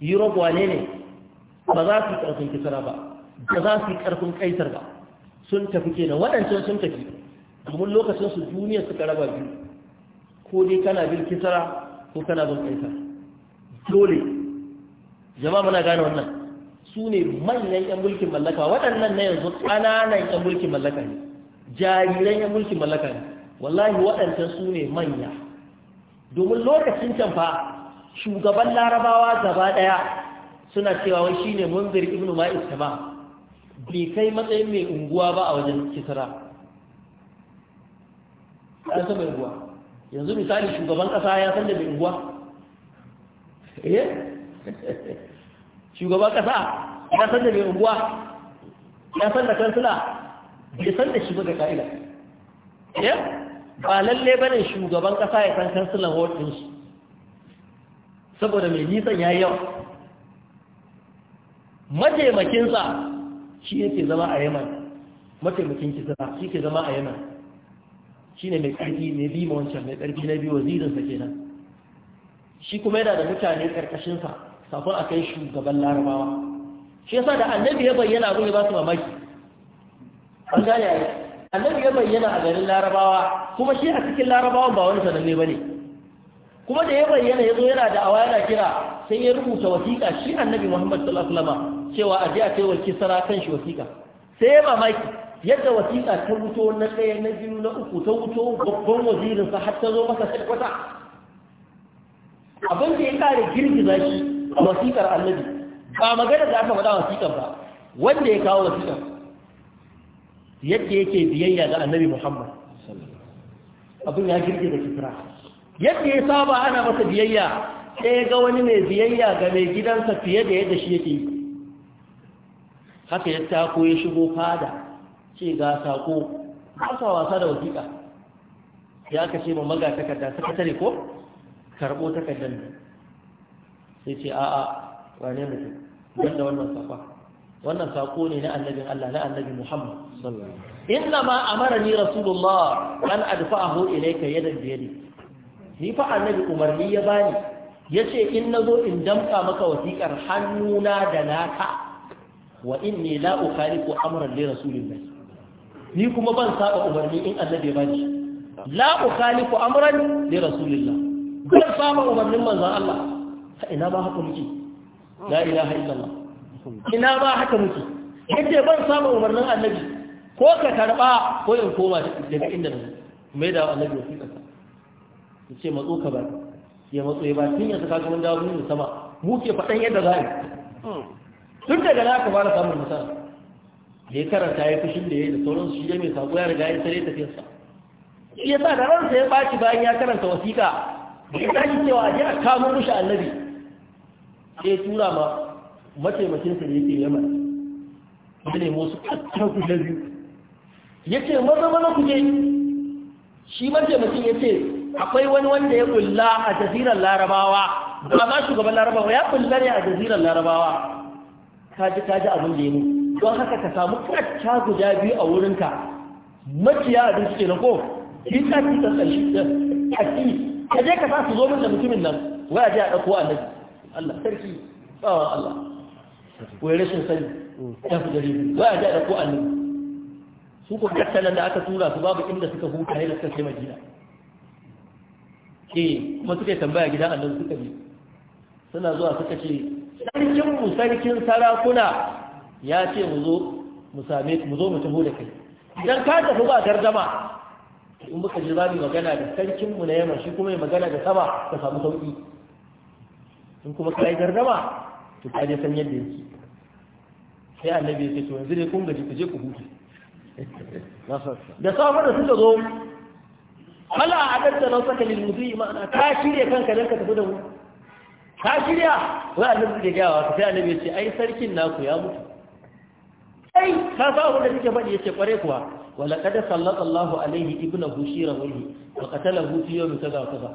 europe wane ne ba za su yi ƙarfin kisira ba ba za su yi ƙarfin ƙaitar ba sun tafi kenan waɗancan sun tafi domin lokacin su duniya suka raba biyu ko dai kana bin kisira ko kana bin ƙaitar dole jama'a muna gane wannan su ne manyan 'yan mulkin mallaka waɗannan na yanzu ƙananan 'yan mulkin mallaka ne jariran ya mulkin mallaka ne wallahi waɗancan su ne manya domin lokacin can fa shugaban larabawa gaba ɗaya suna cewa wai shine munzir ibnu ma'is ba. bai kai matsayin mai unguwa ba a wajen kisara? an san mai unguwa yanzu misali shugaban ƙasa ya san da mai unguwa eh shugaban ƙasa ya san da mai unguwa ya san da kansila bai san da shi ba ga ka'ida ya ba lalle ba ne shugaban ƙasa ya san kansilan hotun shi saboda mai nisan ya yi yawa mataimakinsa shi yake zama a yaman mataimakin zama shi ke zama a yaman shi ne mai ƙarfi mai bi ma wancan mai ƙarfi na biyu wazirinsa kenan shi kuma yana da mutane ƙarƙashinsa kafin a kai shugaban larabawa shi yasa da annabi ya bayyana abin ya ba su mamaki an gane yi, annabi ya bayyana a garin larabawa kuma shi a cikin larabawan ba wani sananne ne. kuma da ya bayyana ya zo yana da awa yana kira sai ya rubuta wasiƙa shi annabi muhammad sallallahu alaihi wasallam cewa a je a kai wa kisra kan shi wasiƙa sai ya mamaki yadda wasiƙa ta wuto na ɗaya na biyu na uku ta wuto babban wazirinsa har ta zo masa shakwata abin da ya kare girgiza shi a wasiƙar annabi ba magana da aka faɗa wasiƙar ba wanda ya kawo wasiƙar yadda yake biyayya ga annabi muhammad abin ya girge da fitra yadda ya saba ana masa biyayya sai ya ga wani mai biyayya ga mai gidansa fiye da yadda shi yake haka ya tako ya shigo fada ce ga sako ba sa wasa da wasiƙa ya ka ce ma maga takarda tare ko karɓo takardar sai ce a'a wane mutum wanda wannan sako wannan sako ne na annabin Allah na annabi Muhammad inna ma amarani rasulullah an adfa'ahu ilayka yadan biyadi ni fa annabi umarni ya bani yace in nazo in damka maka wasiƙar hannuna da naka wa inni la ukhaliqu amra li rasulillah ni kuma ban saba umarni in annabi ya bani la ukhaliqu amra li rasulillah ban saba umarnin manzo Allah ina ba haka muke la ilaha illallah ina ba haka muke yace ban saba umarnin annabi ko ka karɓa ko in koma daga inda na mai da annabi wasu ƙasa ya ce matso ka ba ya matso ya ba tun yanzu ka kuma dawo mun sama mu ke faɗan yadda za a yi hmm. tun daga na ka fara samun nasara da ya karanta ya fushin da ya yi da su shi ne mai sako ya riga ya tare tafiyarsa shi ya sa da ransa ya ɓaci bayan ya karanta wasiƙa ya tashi cewa a je ka kamo rushe annabi ya tura ma mataimakinsa da yake yamma ya nemo su kakkan guda biyu ya ce maza mana ku je shi mataimakin ya ce akwai wani wanda ya kulla a jazirar larabawa ba ma shugaban larabawa ya kulla ne a jazirar larabawa kaji kaji abin da ya mu don haka ka samu kacca guda biyu a wurinka maciya abin suke na ko yi tsaki ta tsaki ka je ka sa su zo min da mutumin nan wai a je a ɗauko annabi Allah sarki tsawon Allah wai rashin sani ya fi gari wai a je a ɗauko annabi su ko kattalan da aka tura su babu inda suka huta sai suka kai madina ke eh, kuma suka tambaya gidan annabi suka bi suna zuwa suka ce sarkin mu sarkin sarakuna ya ce mu zo mu same mu zo mu tafi da kai idan ka tafi ba gardama in muka ji za magana da sarkin mu na yamma shi kuma ya magana da sama ka samu sauki in kuma ka yi gardama to ka je san yadda yake sai annabi ya ce to yanzu ne kun gaji ku je ku huta da safar da suka zo hala a da nan saka lil muzi ma'ana ka shirya kanka dan ka tafi da mu ka shirya a annabi da gawa ka sai annabi ya ce ai sarkin naku ya mutu ai ka sa abin da kike faɗi yace kware kuwa wala qad sallallahu alaihi ibnu bushira wali wa qatalahu fi yawmin kaza kaza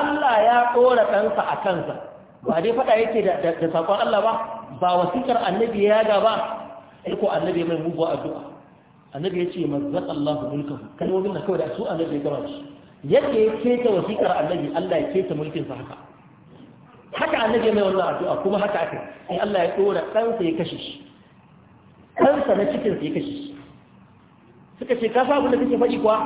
Allah ya kora kansa a kansa ba dai faɗa yake da da sakon Allah ba ba wasikar annabi ya ga ba sai ko annabi mai mugu addu'a annabi ya ce mazzaka Allah mulkan kalmomin nan kawai da su annabi ya gama shi yadda ya keta wasiƙar annabi Allah ya keta mulkin sa haka haka annabi mai wannan addu'a kuma haka aka sai Allah ya dora ɗansa ya kashe shi ɗansa na cikin sa ya kashe shi suka ce ka sa abin da kake faɗi kuwa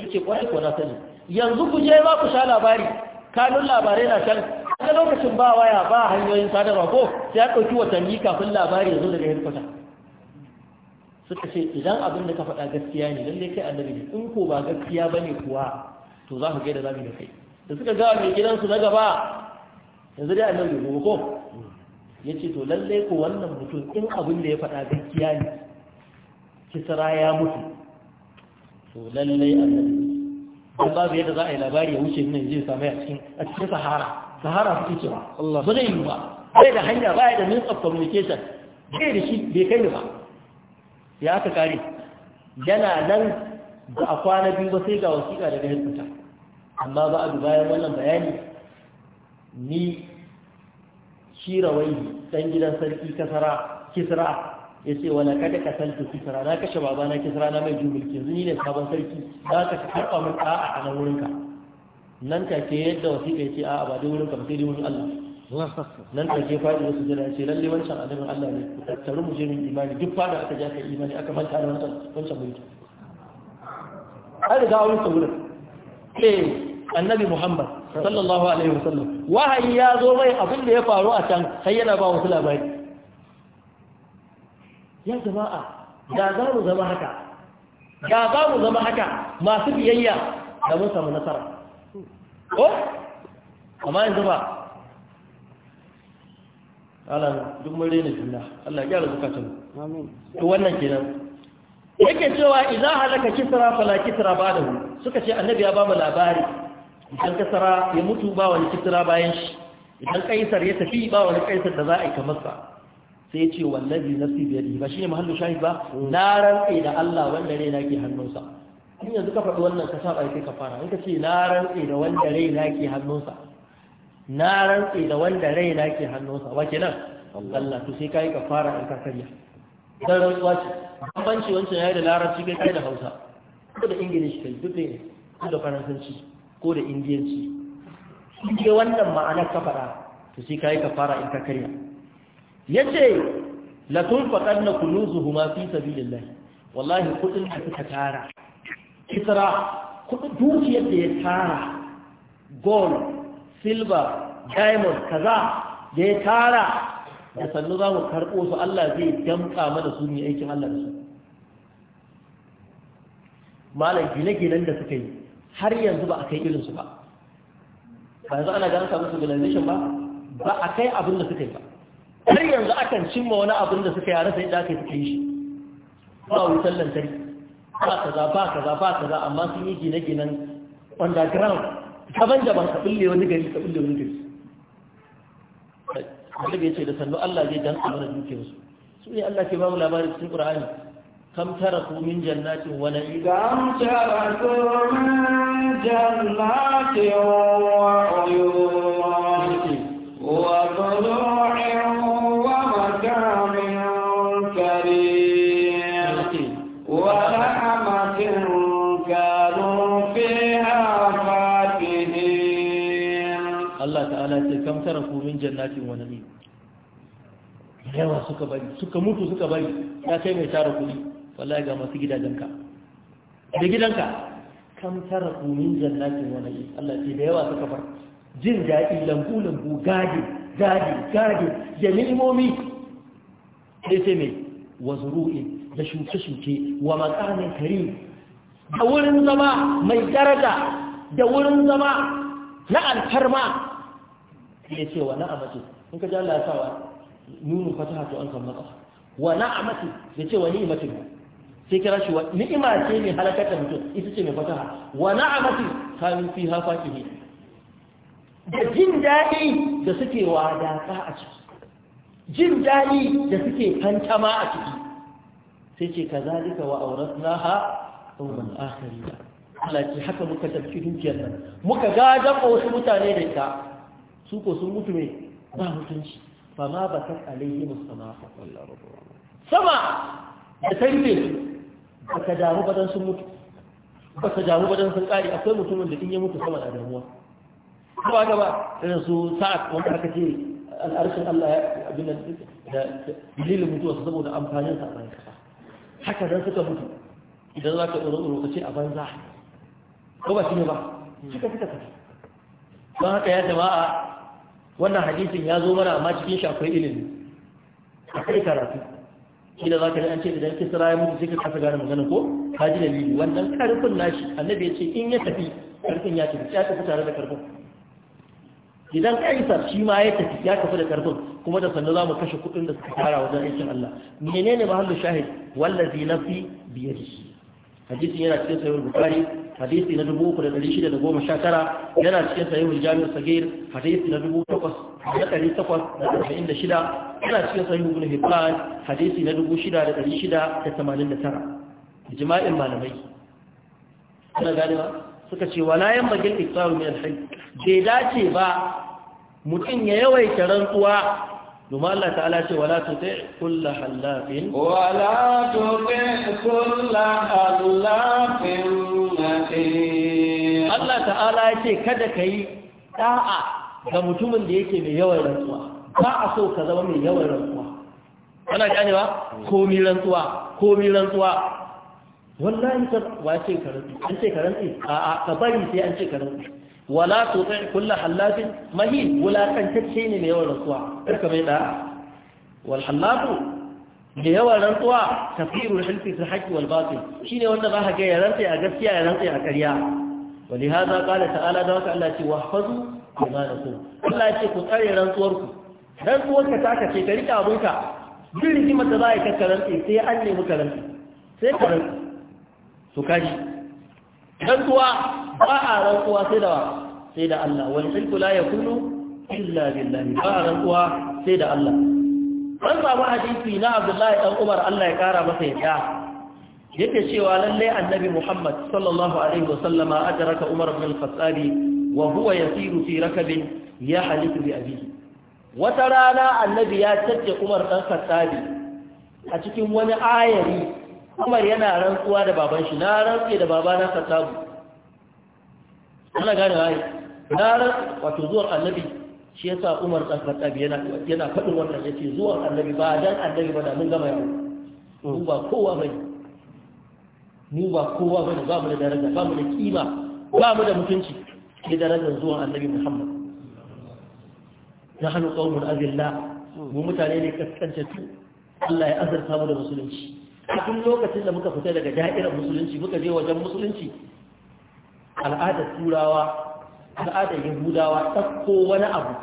yace kwarai ko na sani yanzu ku je ba ku sha labari kanun labarai na can a lokacin ba waya ba hanyoyin sadarwa ko sai ya ɗauki watanni kafin labari ya zo daga hirkwata suka ce idan abin da ka faɗa gaskiya ne lallai kai annabi ne in ko ba gaskiya bane kuwa to za ka ga da zamu da kai da suka ga mai gidansu na gaba yanzu dai annabi gobe ko Ya ce to lallai ko wannan mutum in abin da ya faɗa gaskiya ne kisra ya mutu to lallai annabi ba babu yadda za a yi labari ya wuce nan zai samu a cikin a cikin sahara sahara suke cewa Allah ba zai yi ba bai da hanya bai da means of communication bai da shi bai kai ba ya aka kare yana nan da a kwana biyu ba sai ga wasiƙa daga hirkuta amma ba a bayan wannan bayani ni shira wai ɗan gidan sarki kasara kisra ya ce wani kada ka santa kisra na kashe baba na kisra na mai jumulki zuni ne sabon sarki za ka karɓa min a'a a nan wurinka nan take yadda wasiƙa ya ce a'a ba dai wurinka ba sai dai wurin allah nan da ke faɗi wasu jira ce lalle wancan annabin Allah ne ku tattaru mu je min imani duk fada aka ja kai imani aka manta da wancan wancan mulki a da wani sauri eh annabi Muhammad sallallahu alaihi wasallam wahayi ya zo mai abin da ya faru a can sai yana ba wasu labari ya jama'a da za mu zama haka da za mu zama haka masu biyayya da mun samu nasara ko amma yanzu ba Allah duk mun rena juna Allah ya gyara zukatan amin to wannan kenan yake cewa idza halaka kisra fala kisra ba'dahu suka ce annabi ya ba mu labari idan kisra ya mutu ba wani kisra bayan shi idan kaisar ya tafi ba wani kaisar da za a yi kamar sa sai ce wallazi nafsi bi yadihi ba shine mahallu shahid ba mm. na rantsa da Allah wanda raina ke hannunsa in yanzu ka faɗi wannan ka saba kai ka fara in ka ce na rantsa da wanda raina ke hannunsa na rantse da wanda raina ke hannunsa ba nan? Allah to sai kai fara in ka karya dan rantsuwa ce bambanci wancan yayi da larabci kai kai da Hausa ko da English kai duk ne ko da Faransanci ko da Indiyanci ke wannan ma'anar ka fara to sai kai fara in ka karya yace la tunfaqanna kunuzuhuma fi sabilillah wallahi kudin da suka tara kisra kudin dukiyar da ya tara gold silver diamond kaza da ya tara da sannu za mu karɓo su Allah zai damƙa mana su ne aikin Allah da su malam gine-ginen da suka yi har yanzu ba a kai irinsu ba ba yanzu ana ganin samun civilization ba ba a kai abin da suka yi ba har yanzu akan cimma wani abin da suka yi sai rasa aka suka yi shi ba wutar lantarki ba kaza ba kaza ba kaza amma sun yi gine-ginen underground daban-daban ka bulle wani gari ka bulle wani gari annabi ce da sannu Allah zai dan amana dukiyarsu su ne Allah ke ba mu labarin cikin Qur'ani kam ku min jannatin wa na'im kam ku min jannatin wa uyun jannatin wani ne yawa suka bari suka mutu suka bari ya kai mai tara kuɗi wallahi ga masu gidajenka da gidanka kam tara kumin jannatin wani ne Allah ce da yawa suka bar jin daɗi lambu lambu gadi gadi gadi da ni'imomi sai sai mai wazuru'i da shuke-shuke wa matsanin kari da wurin zama mai daraja da wurin zama na alfarma sai ya ce wa na'amati in ka ji Allah ya sa wa nunu fataha to an kan maka wa na'amati ya ce wa ni'mati sai kira shi wa ni'ima ce mai halakata mutum ita ce mai fataha wa na'amati kanu fi hafa ki da jin daɗi da suke wadata a ciki jin daɗi da suke fantama a ciki sai ce ka zalika wa auratnaha ɗauman akhirina Allah ce haka muka tafi dukiyar nan muka gadan wasu mutane da ita su ko sun mutu ne ba mutunci ba ma ba ta alayhi musama sama da ne ba ka damu badan sun mutu ba ka damu badan sun kare akwai mutumin da in ya mutu sama na damuwa kuma gaba da su sa'ad wanda aka ce al'arshin Allah ya abin da dalilin mutu wasu saboda amfanin sa a bayan kasa haka dan suka mutu idan za ka tsoro tsoro ka ce a banza ko ba shi ne ba haka suka kafa don haka ya jama'a wannan hadisin ya zo mana amma cikin shi akwai ilimi akwai karatu shi da za ka an ce dan kisra ya mutu sai ka kasa gane magana ko ka ji dalili wannan karfin nashi annabi ya ce in ya tafi karfin ya tafi ya tafi tare da karfin idan kaisar shi ma ya tafi ya tafi da karfin kuma da sannu za mu kashe kuɗin da suka tara wajen aikin Allah menene mahallin shahid wallazi biyar shi Hadisi yana cikin sahih bukhari hadisi na 3619 yana cikin sahih jami'u sagir hadisi na shida. yana cikin sahih ibn hibban hadisi na 6689 ijma'in malamai kana gane ba suka ce wala yamma gil iktaru min al-hayy bai dace ba mutum ya yawaita rantsuwa domin Allah ta'ala ce wala tuti kullu halafin wala tuti kullu halafin Allah ta'ala ya ce kada ka yi da'a ga mutumin da yake mai yawan rantsuwa ba a so ka zama mai yawan rantsuwa ana ganewa komi rantsuwa komi rantsuwa wallahi ka wace ka rantsi an ce ka rantsi a'a ka bari sai an ce ka rantsi wala tuti kullu hallafin mahin wulakantacce ne mai yawan rantsuwa karka mai da wal hallafu da yawan rantsuwa tafsirul hilfi fil haqqi wal batil shine wanda ba ka gaya ya rantsa a gaskiya ya rantsa a ƙarya ولهذا قال تعالى ذاك الله تي Allah ايمانكم الله يتي ku tsare rantsuwarku rantsuwarka ta kace ka rika abunka duk rigimar da za ka karanta sai an nemi karanta sai karanta su kaji rantsuwa ba a rantsuwa sai da sai da Allah wal mulku la ya yakunu illa billahi ba a rantsuwa sai da Allah an samu hadisi na Abdullahi dan Umar Allah ya kara masa yadda yake cewa lalle annabi Muhammad sallallahu alaihi wa sallama adraka Umar ibn al-Khattab wa huwa yasiru fi rakabin ya halitu bi abihi wata rana annabi ya tacce Umar dan Khattab a cikin wani ayari umar yana rantsuwa da baban shi na rantsuwa da babana kasabu ana gane waye na rantsuwa wato zuwan annabi shi yasa umar ɗan kasabu yana faɗin wannan yace ce zuwan annabi ba dan annabi ba da mun gama yau mu ba kowa bane mu ba kowa bane ba mu da daraja ba mu da kima ba mu da mutunci ke darajar zuwan annabi muhammad nahnu qawmun azilla mu mutane ne kaskantattu Allah ya azurta mu da musulunci a duk lokacin da muka fita daga da'irar musulunci muka je wajen musulunci al'adar turawa al'adar yahudawa ɗauko wani abu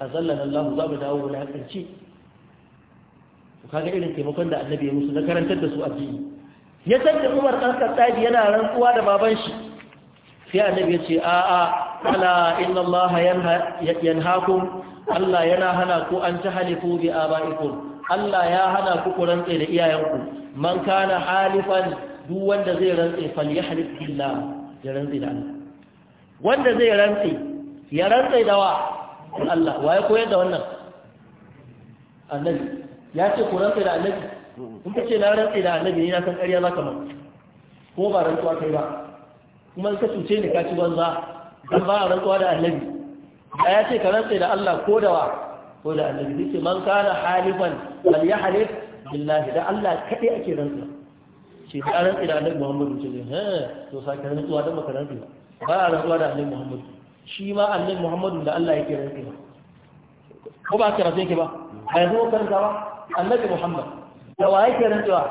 a zallan Allah za mu dawo wani hankalci kaga irin taimakon da annabi ya musu na karantar da su a jini. ya da umar ɗan kattabi yana rantsuwa da baban shi sai annabi ya ce a'a ala inna Allah yanhakum Allah yana hana ku an tahlifu bi aba'ikum Allah ya hana ku ku rantsa da iyayenku man kana halifan duk wanda zai rantsa fal yahlif billah ya rantsa da Allah wanda zai rantsa ya rantsa da wa Allah waye koyar da wannan annabi ya ce ku rantsa da annabi in ka ce na rantsa da annabi ne na san ƙarya zaka ba ko ba rantsuwa kai ba kuma ka tuce ni ka ci banza dan ba a rantsuwa da annabi da ya ce ka rantsa da Allah ko da wa ko da annabi ce man kana halifan fal yahlif billahi da Allah kadai ake rantsa shi da rantsa da annabi Muhammadu ce ha to sai ka rantsuwa da maka rantsa ba a rantsuwa da annabi Muhammadu shi ma annabi Muhammadu da Allah yake rantsa ko ba ka rantsa yake ba a yanzu karanta ba annabi Muhammad da wa yake rantsuwa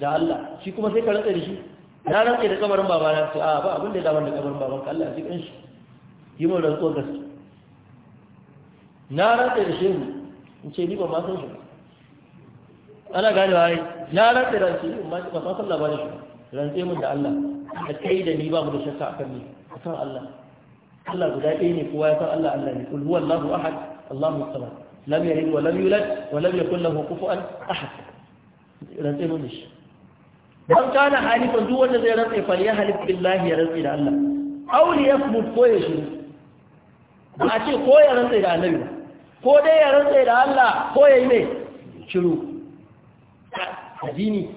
da Allah shi kuma sai ka rantsa da shi na rantsa da kabarin babana sai a ba abin da ya da kabarin babanka Allah ya ji kanshi yi mun rantsuwar gaske na rantsa da shehu in ce ni ba ma san shi ana gane wa ai na rantsa da shehu ba ma san labarin shi rantsa mun da Allah da kai da ni ba mu da shakka akan ni akan Allah Allah guda ɗaya ne kowa ya san Allah Allah ne kul huwallahu ahad Allahu samad lam yalid wa lam yulad wa lam yakul lahu kufuwan ahad rantsa mun da shi man kana halifan duk wanda zai rantsa fa ya halif billahi ya rantsa da Allah aw liyasmut ko ya shiru ba ce ko ya rantsa da annabi ko dai ya rantsa da Allah ko ya yi mai shiru addini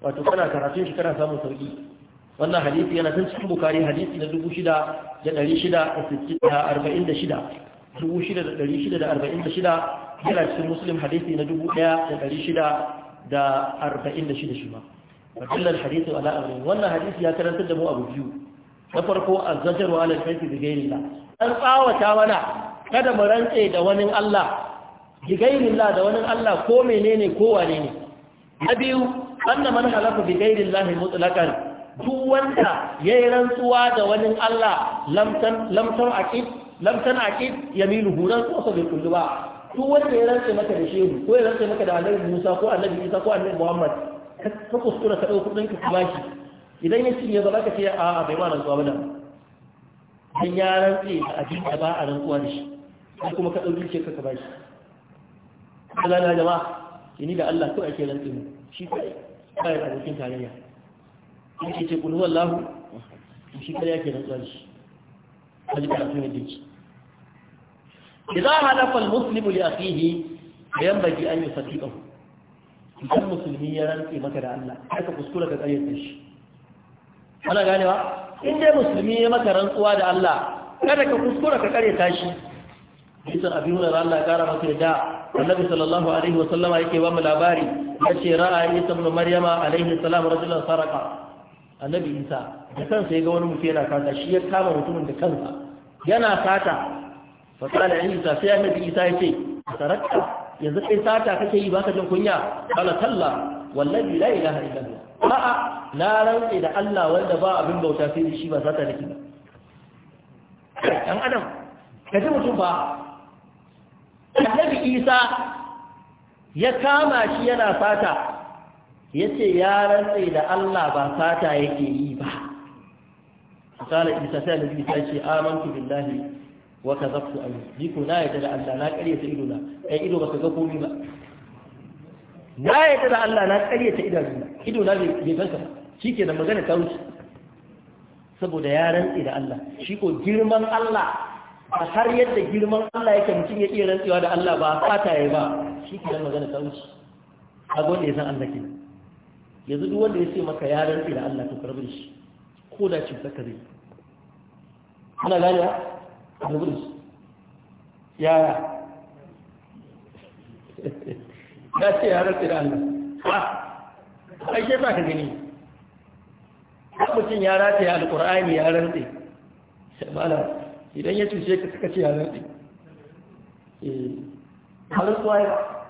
wato kana karatun shi kana samun sauki wannan hadisi yana tun cikin bukari hadisi na 6646 6646 yana cikin muslim hadisi na 1646 shi ma wadillar hadisi ala amin wannan hadisi ya karantar da mu abu biyu na farko azzajar wa ala kaiti da gairila an tsawata mana kada mu rantse da wani Allah bigairillah da wani Allah ko menene ko wane ne na biyu anna man halafa bigairillah mutlaqan duk wanda yayi rantsuwa da wani Allah lamtan lamtan aqid lamtan aqid yamilu huran kosa bai kullu ba duk wanda ya rantse maka da shehu ko ya rantse maka da Annabi Musa ko Annabi Isa ko Annabi Muhammad ka kuskura ka dauko ka kuma shi idan ya cinye ba za ka ce a bai ma rantsuwa ba dan ya rantse a abin da ba a rantsuwa da shi sai kuma ka dauki ce ka ba shi Kuma na jama'a ni da Allah ko ake rantsi mu shi kai kai da cikin tarayya yake ce kullu wallahu shi kai yake rantsuwa da shi kaji karatu ne dinki idan halafa almuslimu li akhihi yanbaghi an yusadiqahu idan musulmi ya rantse maka da Allah kai ka kuskura ka tsare shi ana ganewa in dai musulmi ya maka rantsuwa da Allah kada ka kuskura ka kare tashi bisan abin da Allah ya kara masa da annabi sallallahu alaihi wa sallama yake ba mu labari yace ra'a Isa ibn Maryama alaihi salam rajulan saraka annabi Isa da kansa ya ga wani mutum yana kasa shi ya kama mutumin da kansa yana sata fa kana Isa sai annabi Isa yace saraka yanzu kai sata kake yi baka jin kunya kala talla wallahi la ilaha illallah a'a na rantse da Allah wanda ba abin bauta sai da shi ba sata nake ba dan adam kaje mutum ba annabi Isa ya kama shi yana fata yace ya rantse da Allah ba sata yake yi ba qala Isa sai annabi Isa ce amantu billahi wa kadhabtu an diku na yadda Allah na kare sai ido na ai ido ba ka ga komai ba na yadda da Allah na ta idanu ido na bai ganka ba ke da magana ta wuce saboda ya rantse da Allah shi ko girman Allah a har yadda girman Allah yake mutum ya iya rantsewa da Allah ba fata yayi ba ke da magana ta wuce a wanda ya san Allah ke yanzu duk wanda ya ce maka ya rantse da Allah to karbi shi ko da cutar ka zai ana gane ba karbi shi yaya ya ce ya rantsi da Allah ba ai ke ba ka gani har mutum ya rata ya alƙur'ani ya rantse. shamala idan ya cuce ka suka ce ya rantsi eh halin tsuwa ya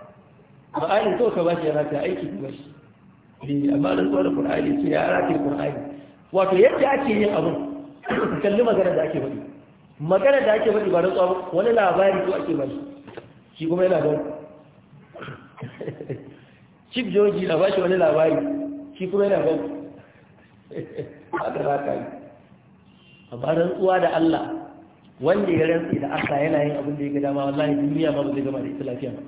ba ainihin to ka ba shi ya rata aiki kuma shi bi eh, amma da tsuwa da ƙur'ani ce ya rata ƙur'ani wato yadda ake yin abin kalli magana da ake faɗi magana da ake faɗi ba da wani labari ko ake bari shi kuma yana da chief joji na bashi wani labari shi kuma yana ba haka za ka yi amma da Allah wanda ya rantsi da aka yana yin abin da ya ga dama wallahi duniya ba zai gama da ita lafiya ba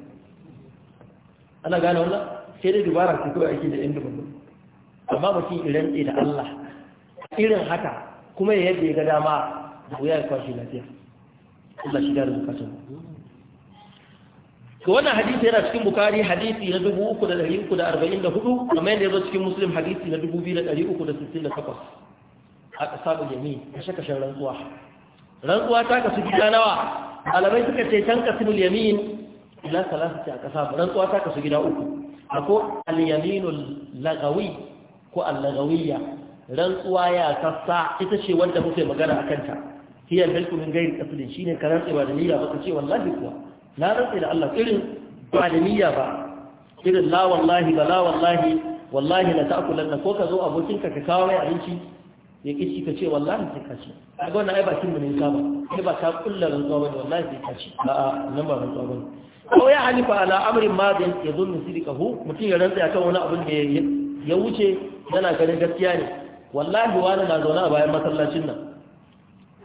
ana gane wannan sai dai dubara ce kawai ake da yan ba. amma mutum ya rantsi da Allah irin haka kuma ya yadda ya ga dama da wuya ya kwashi lafiya Allah shi da rubuta sun كون حديث هنا في البخاري حديث يرد ابو كود الحي كود 44 كما يرد في مسلم حديث يرد ابو بيد 368 اصحاب اليمين اشك شان رنقوا رنقوا تا كسجدا نوا على ما تك تيتان قسم اليمين الى ثلاثه اقسام رنقوا تا كسجدا اوكو اكو اليمين اللغوي كو اللغويه رنقوا يا تسا ita ce wanda kuke magana akan ta hiya dalilun gairi kafin shine karanta ba dalila ba ce wallahi kuwa na rantsi da Allah irin ba da niyya ba irin la wallahi ba la wallahi wallahi la ta'kulanna ko ka zo abokinka ka kawo mai abinci ya kici ka ce wallahi sai ka ci kaga wannan ai bakin mu ne ka ba kai ba ka kullar rantsuwa bane wallahi sai ka ci a'a nan ba rantsuwa bane ko ya halifa ala amrin madin yadhunnu sidqahu mutum ya rantsa akan wani abin da ya wuce yana ganin gaskiya ne wallahi wani na zaune a bayan masallacin nan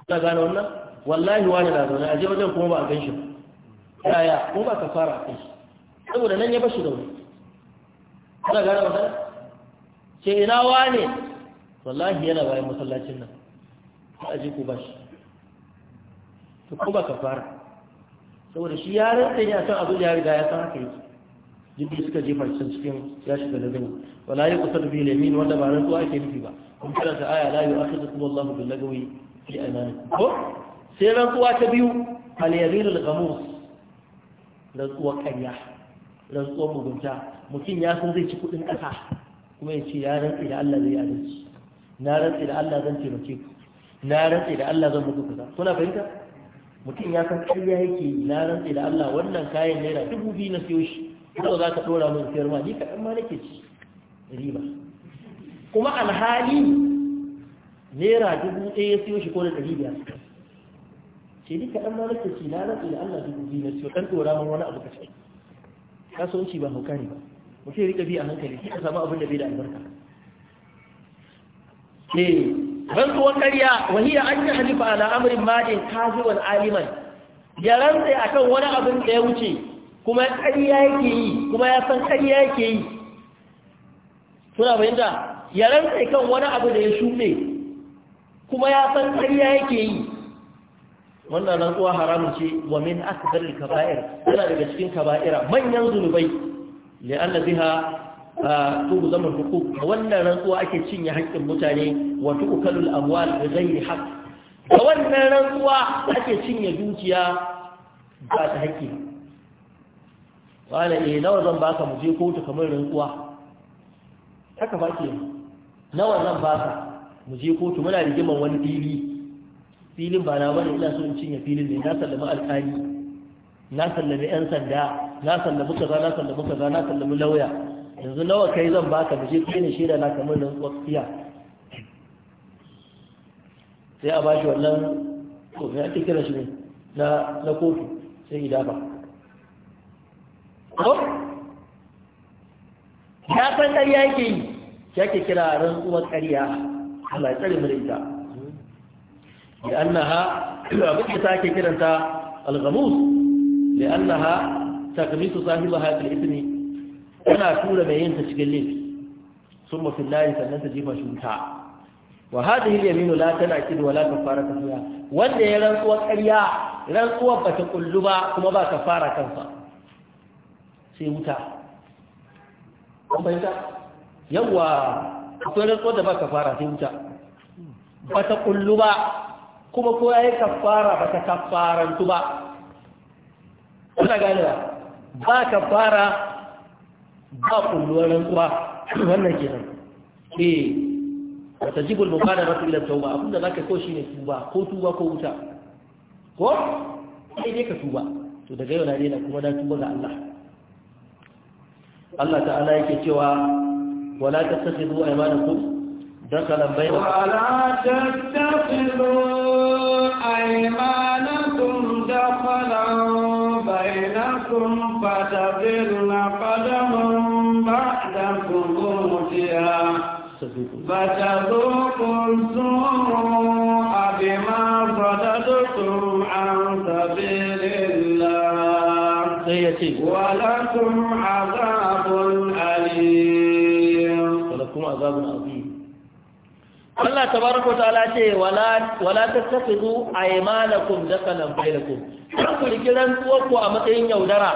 ka gane wannan wallahi wani na zaune aje wajen kuma ba a gan shi ba yaya ko ba ka fara kai saboda nan ya bashi dauri ana gara gane sana ce ina wane wallahi yana bayan masallacin nan ba a ji ku bashi to ko ba ka fara saboda shi ya rantsa ne a san abin da ya riga ya san haka yake jirgin suka jefa can cikin ya shiga da gani wala ya kusa da bilamin wanda ba nan zuwa ake nufi ba kun ta aya la yu'akhidhu kuma Allahu bil lagwi fi amani ko sai ran kuwa ta biyu al yaghir al ghamus rantsuwar kanya rantsuwar mugunta mutum ya san zai ci kuɗin ƙasa kuma ya ce ya rantsi da Allah zai adalci na rantsi da Allah zan taimake ku na rantsi da Allah zan mutu kaza kuna fahimta mutum ya san kai yake na rantsi da Allah wannan kayan naira dubu biyu na siyo shi kuma za ka ɗora min siyar ma ni kaɗan ma nake ci riba kuma alhali naira dubu ɗaya ya siyo shi ko da ɗari biyar ke ni kaɗan ma nake ci na rantsi da Allah dubu biyu na ciwo ɗan ɗora man wani abu kaci kasuwanci ba hauka ne ba mutum ya riƙa bi a hankali sai ka samu abin da bai da albarka ke rantsuwar ƙarya wahiya an yi halifa ala amurin madin kaziwan aliman ya rantsa akan wani abin da ya wuce kuma ƙarya yake yi kuma ya san ƙarya yake yi suna fahimta ya rantsa kan wani abu da ya shuɗe kuma ya san ƙarya yake yi wannan rantsuwa haramun ce wa min akbar al-kaba'ir yana daga cikin kaba'ira manyan zunubai li'anna biha tubu zaman hukuk wannan rantsuwa ake cinye haƙƙin mutane wa tu'kalu al-amwal bi ghairi haqq da wannan rantsuwa ake cinye dukiya ba ta haƙƙi wala eh nawa zan baka mu je kotu kamar rantsuwa haka ba ke nawa zan baka mu je kotu muna rigiman wani fili filin ba na bane ina so in cinye filin ne na sallama alƙali na sallami yan sanda na sallama kaza na sallama kaza na sallama lauya yanzu nawa kai zan baka da je kai ne shaida na kamar nan tsakiya sai a bashi wannan kofi ake kira shi ne na na kofi sai gida ba ko ya san ƙarya yake yi yake kira rantsuwar ƙarya Allah ya tsare mu da ita لأنها أبدا ساكي كرنتا الغموس لأنها تقميص صاحبها في الإثم أنا أقول ما ينتشكل ثم في الله سنن تجيب شمتا وهذه اليمين لا تنعكد ولا كفارة فيها وأن يرنقوا كريا رنقوا بتقلبا كما با كفارة كنفا سيوتا وبيتا يوا akwai rantsuwa da ba ka fara sai wuta ba ta kullu ba kuma ko ya yi kafara ba ta kafarantu ba kuna gane ba ba kafara ba kulluwar rantuwa wannan kenan eh wata ji bukada da su ilar tauba abinda za ka ko shi ne tuba ko tuba ko wuta ko ne dai ka tuba to daga yau na daina kuma na tuba ga Allah Allah ta'ala yake cewa wala tattakhidhu aymanakum دخلا بينكم ولا تتخذوا أيمانكم دخلا بينكم فتبرن قدم بعد ثبوتها فتذوقوا السوء بما صددتم عن سبيل الله ولكم عذاب أليم ولكم عذاب أليم Allah tabaraka ta'ala ce wala wala tattakhidhu aymanakum dakalan bainakum kar ku riki rantsuwar ku a matsayin yaudara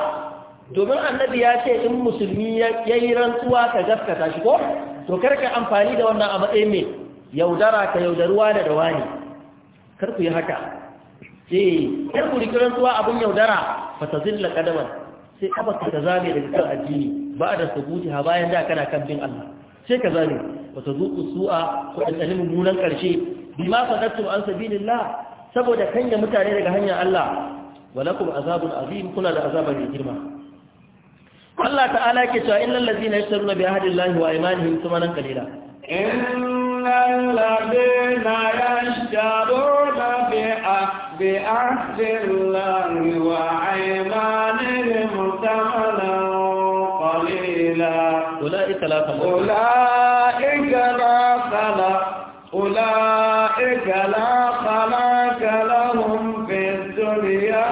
domin annabi ya ce in musulmi yayi rantsuwa ka gaskata shi ko to kar ka amfani da wannan a matsayin me yaudara ka yaudaruwa da dawani kar ku yi haka eh kar ku riki rantsuwa abun yaudara fa tazilla qadaman sai abaka ta zame daga kan addini ba da subuti ha bayan da kana kan bin Allah sai ka zane ba ta zuƙu su'a ko ɗanɗanin mummunan ƙarshe bi ma faɗattu an sabilillah saboda kanya mutane daga hanyar Allah kuma azabun azim kuna da azabar mai girma Allah ta'ala ke cewa innal ladina yashtaruna bi ahdillahi wa aymanihim thumanan qalila innal ladina yashtaruna bi bi ahdillahi wa aymanihim thumanan أولئك لا خلاق أولئك لا خلاق أولئك لا خلاق لهم في الدنيا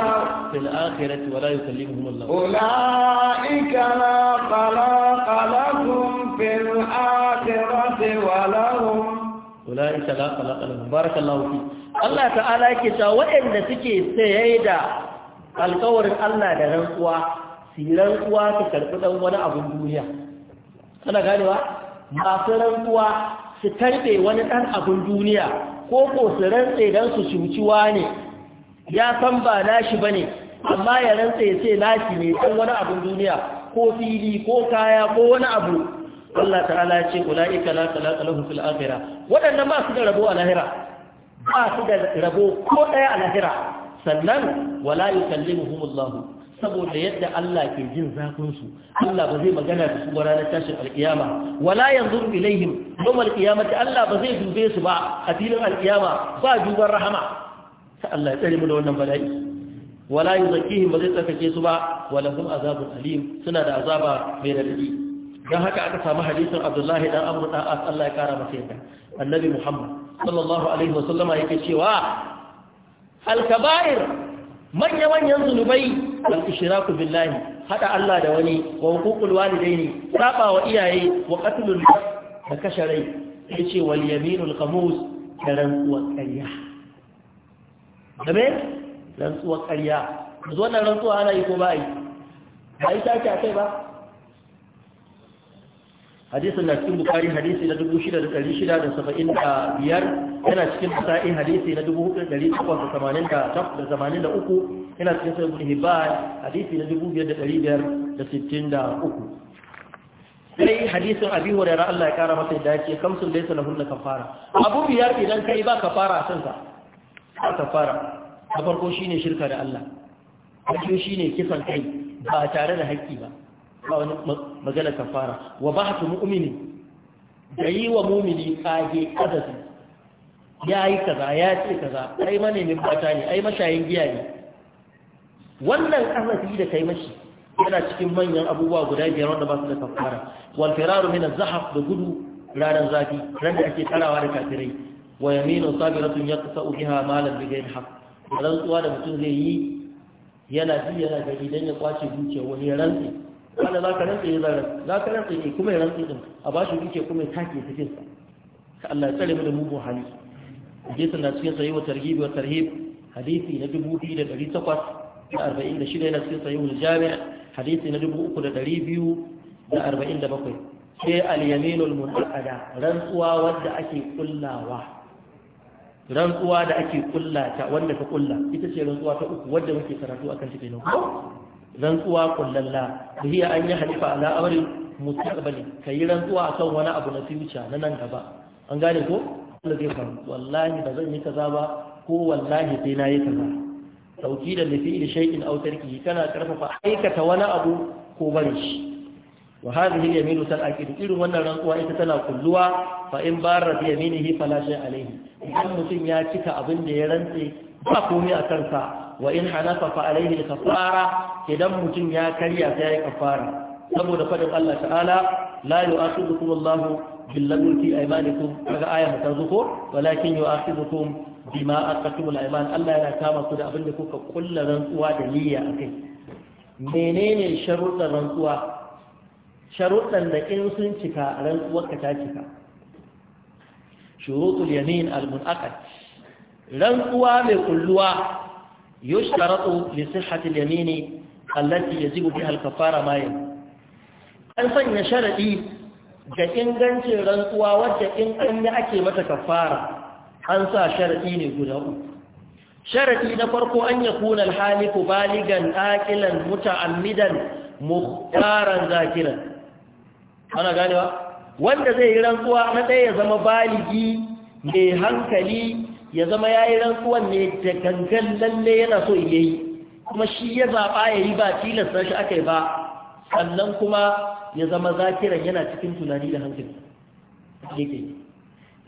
في الآخرة ولا يكلمهم الله أولئك لا خلاق لهم في الآخرة ولهم أولئك لا خلاق لهم بارك الله فيك الله تعالى كتا وإن سكي سيدا القول الله ده رسوله siran uwa ta karɓi ɗan wani abin duniya kana ganewa masu rantsuwa su karɓe wani ɗan abin duniya ko ko su rantse don su cuciwa ne ya san ba nashi ba ne amma ya rantse ya ce nashi ne ɗan wani abin duniya ko fili ko kaya ko wani abu Allah ta'ala ya ce kula ika la kala lahu fil akhirah waɗannan ba su da rabo a lahira ba su da rabo ko ɗaya a lahira sannan wala yukallimuhum Allah saboda yadda Allah ke jin zafin Allah ba zai magana da su ranar tashin alkiyama wala yanzur ilaihim yawm alqiyamati Allah ba zai dube su ba a filin alkiyama ba duban rahama sai Allah ya tsare mu da wannan bala'i wala yuzakkihim ba zai tsakake su ba wala hum azabun alim suna da azaba mai radadi dan haka aka samu hadisin Abdullahi dan Amr dan As Allah ya kara masa yadda annabi Muhammad sallallahu alaihi wa wasallama yake cewa al-kaba'ir manya-manyan zunubai al-ishraku billahi haɗa Allah da wani wa huququl ne, saba wa iyaye wa qatlul da kashe rai yace wal yaminul qamus da rantsuwar ƙarya game rantsuwar ƙarya zuwa nan rantsuwa ana yi ko ba yi ba yi take akai ba hadisin na cikin bukari hadisi na 6675 yana cikin fasa'i hadisi na 4883 yana cikin sai ibn hibban hadisi na 2563 sai hadisin abi hurairah Allah ya kara masa da yake kamsun laysa lahu kafara abu biyar idan kai ba kafara a kanka ba kafara a farko shine shirka da Allah a biyu shine kifan kai ba tare da haƙƙi ba ba wani magana kafara wa bahtu mu'mini da yi wa mumini kage kazasi ya yi kaza ya ce kaza ai manemin bata ne ai mashayin giya ne wannan azafi da kai mashi yana cikin manyan abubuwa guda biyar wanda ba su da kafara wal firaru min az-zahab da gudu ranar zafi ran da ake tarawa da kafirai wa yaminu sabiratun yaqsa'u biha malan bi ghayri haqq rantsuwa da mutum zai yi yana ji yana gari dan ya kwace dukiya wani ya rantsi za ka rantsi ya zara zaka rantsi ne eh, kuma ya rantsi din a bashi dukiya kuma ya take cikin sa ka Allah ya tsare mu da mu hali hadisin na cikin sahih wa targhib wa tarhib hadisi na 2800 arba'in da shida yana cikin sahihul jami' hadisi na dubu uku da ɗari biyu da arba'in da bakwai sai al-yaminul munaqada rantsuwa wanda ake kullawa rantsuwa da ake kulla ta wanda ka kulla ita ce rantsuwa ta uku Wanda muke karatu akan take nan rantsuwa kullalla biya an yi halifa ala amrin mustaqbali kayi rantsuwa akan wani abu na future na nan gaba an gane ko Allah zai faru wallahi ba zan yi kaza ba ko wallahi sai na yi kaza sauki da lifi da shay'in aw tarkihi kana karfafa aikata wani abu ko bari shi wa hadhihi yaminu tal'aqidu irin wannan rantsuwa ita tana kulluwa fa in barra bi yaminihi fala shay alayhi idan mutum ya cika abin da ya rantse ba komai a kansa wa in hanafa fa alayhi al-kafara idan mutum ya karya sai ya kafara saboda fadin Allah ta'ala la yu'akhidhukum Allahu bil-lagwi fi aymanikum kaga aya ta zuko walakin yu'akhidhukum bima aqatumul iman Allah yana kama ku da abin da kuka kulla rantsuwa da niyya akai menene sharuɗan rantsuwa sharuɗan da in sun cika rantsuwar ka ta cika shurutul yamin al munaqat rantsuwa mai kulluwa yushtaratu li sihhati al yamin allati yajibu biha al kafara ma an sanya sharadi ga ingancin rantsuwa wadda in an yi ake mata kafara an sa sharaɗi ne guda uku sharaɗi na farko an ya kuna alhalifu baligan aƙilan muta'ammidan muhtaran zakiran ana ganewa wanda zai yi rantsuwa na ɗaya ya zama baligi mai hankali ya zama ya yi rantsuwan ne da gangan lalle yana so ya yi kuma shi ya zaɓa ya yi ba tilasta shi aka yi ba sannan kuma ya zama zakiran yana cikin tunani da hankali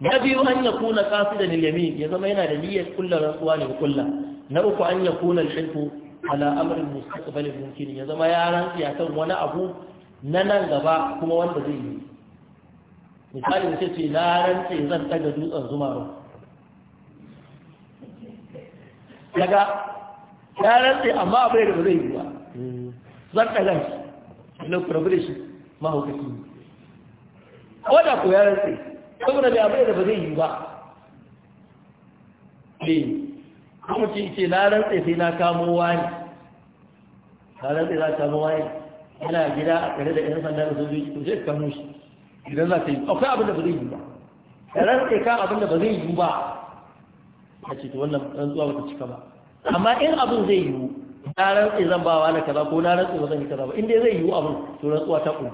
na biyu an ya kuna qasidan al-yamin ya zama yana da niyyar kullu rantsuwa ne kullu na uku an ya kuna al-hilfu ala amrin mustaqbalin mumkin ya zama ya rantsi kan wani abu na nan gaba kuma wanda zai yi misali mutum ce na rantsi zan daga dutsen zuma daga ya rantsi amma abu da ba zai yi ba zan daga shi na kurabu da shi mahaukaci ko da ko ya rantsi saboda da abu da ba zai yi ba ne eh, kuma ce ce na rantsa sai na kamo wani na rantsa za kamo wani yana gida a kare da 'yan sanda da sojoji to zai kamo shi idan za ta yi akwai abin da ba zai yi ba da rantsa kan abin da ba zai yi ba a ce to wannan rantsuwa ba ta cika ba amma in abin zai yiwu na rantsa zan ba wa na kaza ko na rantsa ba zan yi kaza ba inda zai yiwu abin to rantsuwa ta ƙudu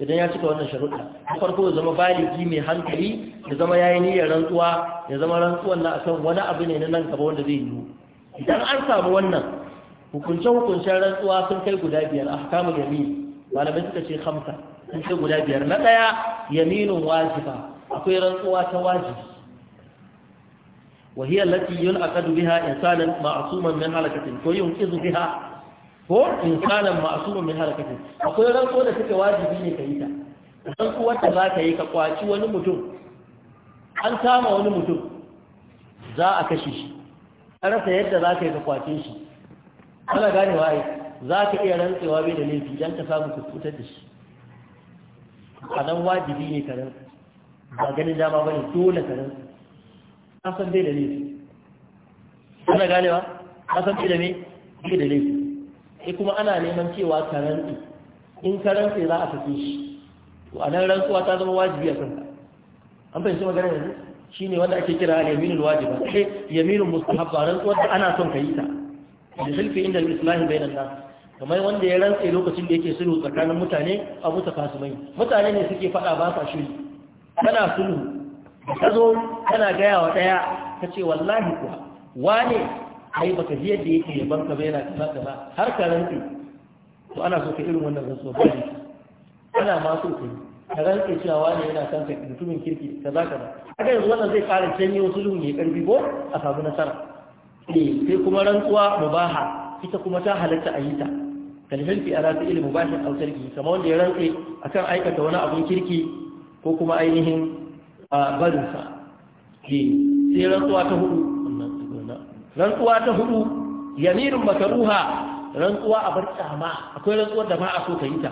idan ya cika wannan sharuɗa na farko ya zama baligi mai hankali ya zama yayi niyyar rantsuwa ya zama rantsuwan na akan wani abu ne na nan gaba wanda zai yiwu. idan an samu wannan hukunce hukuncen rantsuwa sun kai guda biyar a kamar yamin malamai suka ce hamsa sun kai guda biyar na ɗaya yaminin wajiba akwai rantsuwa ta wajibi وهي التي ينعقد بها إنسانا معصوما من هلكة وينقذ بها ko in kana ma'asumin min harakatin akwai ranko da take wajibi ne ka yi ta rantsuwa da za ka yi ka kwaci wani mutum an kama wani mutum za a kashe shi an rasa yadda za ka yi ka kwace shi ana wa ai za ka iya rantsewa bai da laifi don ka samu ka da shi a nan wajibi ne ka rantsa ba ganin dama ba ne dole ka rantsa san bai da laifi ana ganewa kasan bai da me bai da laifi sai kuma ana neman cewa ka rantsu in ka rantsu za a tafi shi to a nan rantsuwa ta zama wajibi a kanka an fahimci magana yanzu shi ne wanda ake kira eh, yaminul wajiba sai yaminul mustahabba rantsuwar da ana son ka yi ta da sulfi inda bai bainan nas kamar wanda ya rantse lokacin da yake sulhu tsakanin mutane a ta fasumai mutane ne suke faɗa ba sa shiri kana sulhu ka zo kana gaya wa ɗaya ka ce wallahi kuwa wane ai baka ji yadda yake yaban ka ba yana kaza kaza har ka rantsi to ana so ka irin wannan rantsuwa ba ne ana ma so ka yi ka rantsi cewa wani yana kan ka mutumin kirki kaza kaza kaga yanzu wannan zai fara wasu sulhu ne karfi ko a samu nasara eh sai kuma rantsuwa mubaha ita kuma ta halatta a yi ta kalhanti ala ta ilmu bashin ki. kamar wanda ya rantsi akan aikata wani abun kirki ko kuma ainihin ah, barinsa eh, sai rantsuwa ta hudu rantsuwa ta hudu yamirin makaruha rantsuwa a bar tsama akwai rantsuwar da ba a so ka yi ta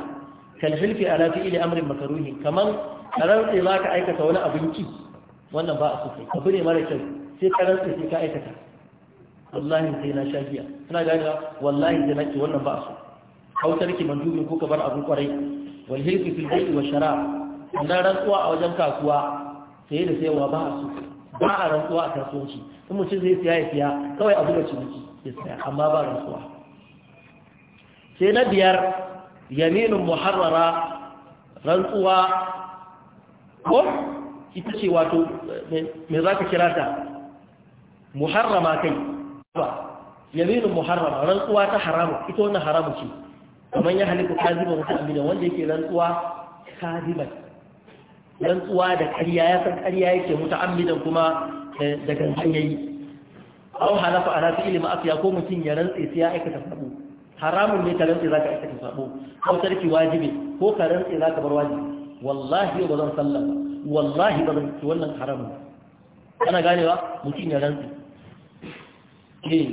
kalhilfi ala fi'ili amrin makaruhi kaman rantsi za ka aikata wani abinci wannan ba a so kai abu ne mara kyau sai ka rantsi sai ka aikata wallahi sai na sha giya suna gani wallahi sai na ce wannan ba a so kautar ki manjubin ko ka bar abin kwarai wal hilfi fil bai'i wa shara na rantsuwa a wajen kasuwa sai da sayawa ba a so ba a rantsuwa a kasuwanci in mutum zai siya ya siya kawai abu da ciniki ya siya amma ba rantsuwa sai na biyar yaminin muharrara rantsuwa ko ita ce wato me za ka kira ta muharrama kai ba yaminin muharrama rantsuwa ta haramu ita wannan haramu ce kamar ya halittu kaziban wata amina wanda yake rantsuwa mai. rantsuwa da ƙarya ya san ƙarya yake muta'ammidan kuma eh, da gangan yayi aw halafa ala fi'li ma'asiya ko mutum ya rantse sai ya aikata sabo haramun ne ka rantse zaka aikata sabo ko tarki wajibi ko ka rantse zaka bar wajibi wallahi ba zan sallah wallahi ba zan ci wannan haramun kana ganewa mutum ya rantse eh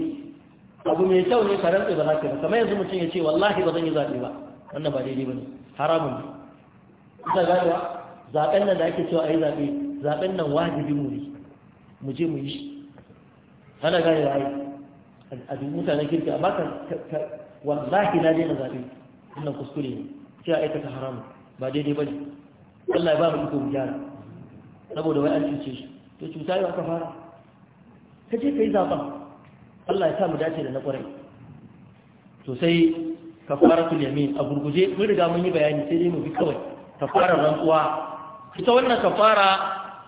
abu mai kyau ne ka rantse ba zaka ba kamar yanzu mutum ya ce wallahi ba zan yi zaɓe ba wannan ba daidai ba ne, haramun ne kana ganewa zaben nan da ake cewa yi zabe zaben nan wajibi mu yi mu je mu yi shi ana gane da ai a duk mutanen kirki amma ka wallahi na daina zabe wannan kuskure ne cewa aikata haramu ba daidai ba ne Allah ya ba mu iko mu gyara saboda wai an cuce shi to cuta yau aka fara ka je ka yi zaɓen Allah ya sa mu dace da na ƙwarai sosai sai kafaratul yamin a gurguje mun riga mun yi bayani sai dai mu bi kawai kafarar rantsuwa ita wannan kafara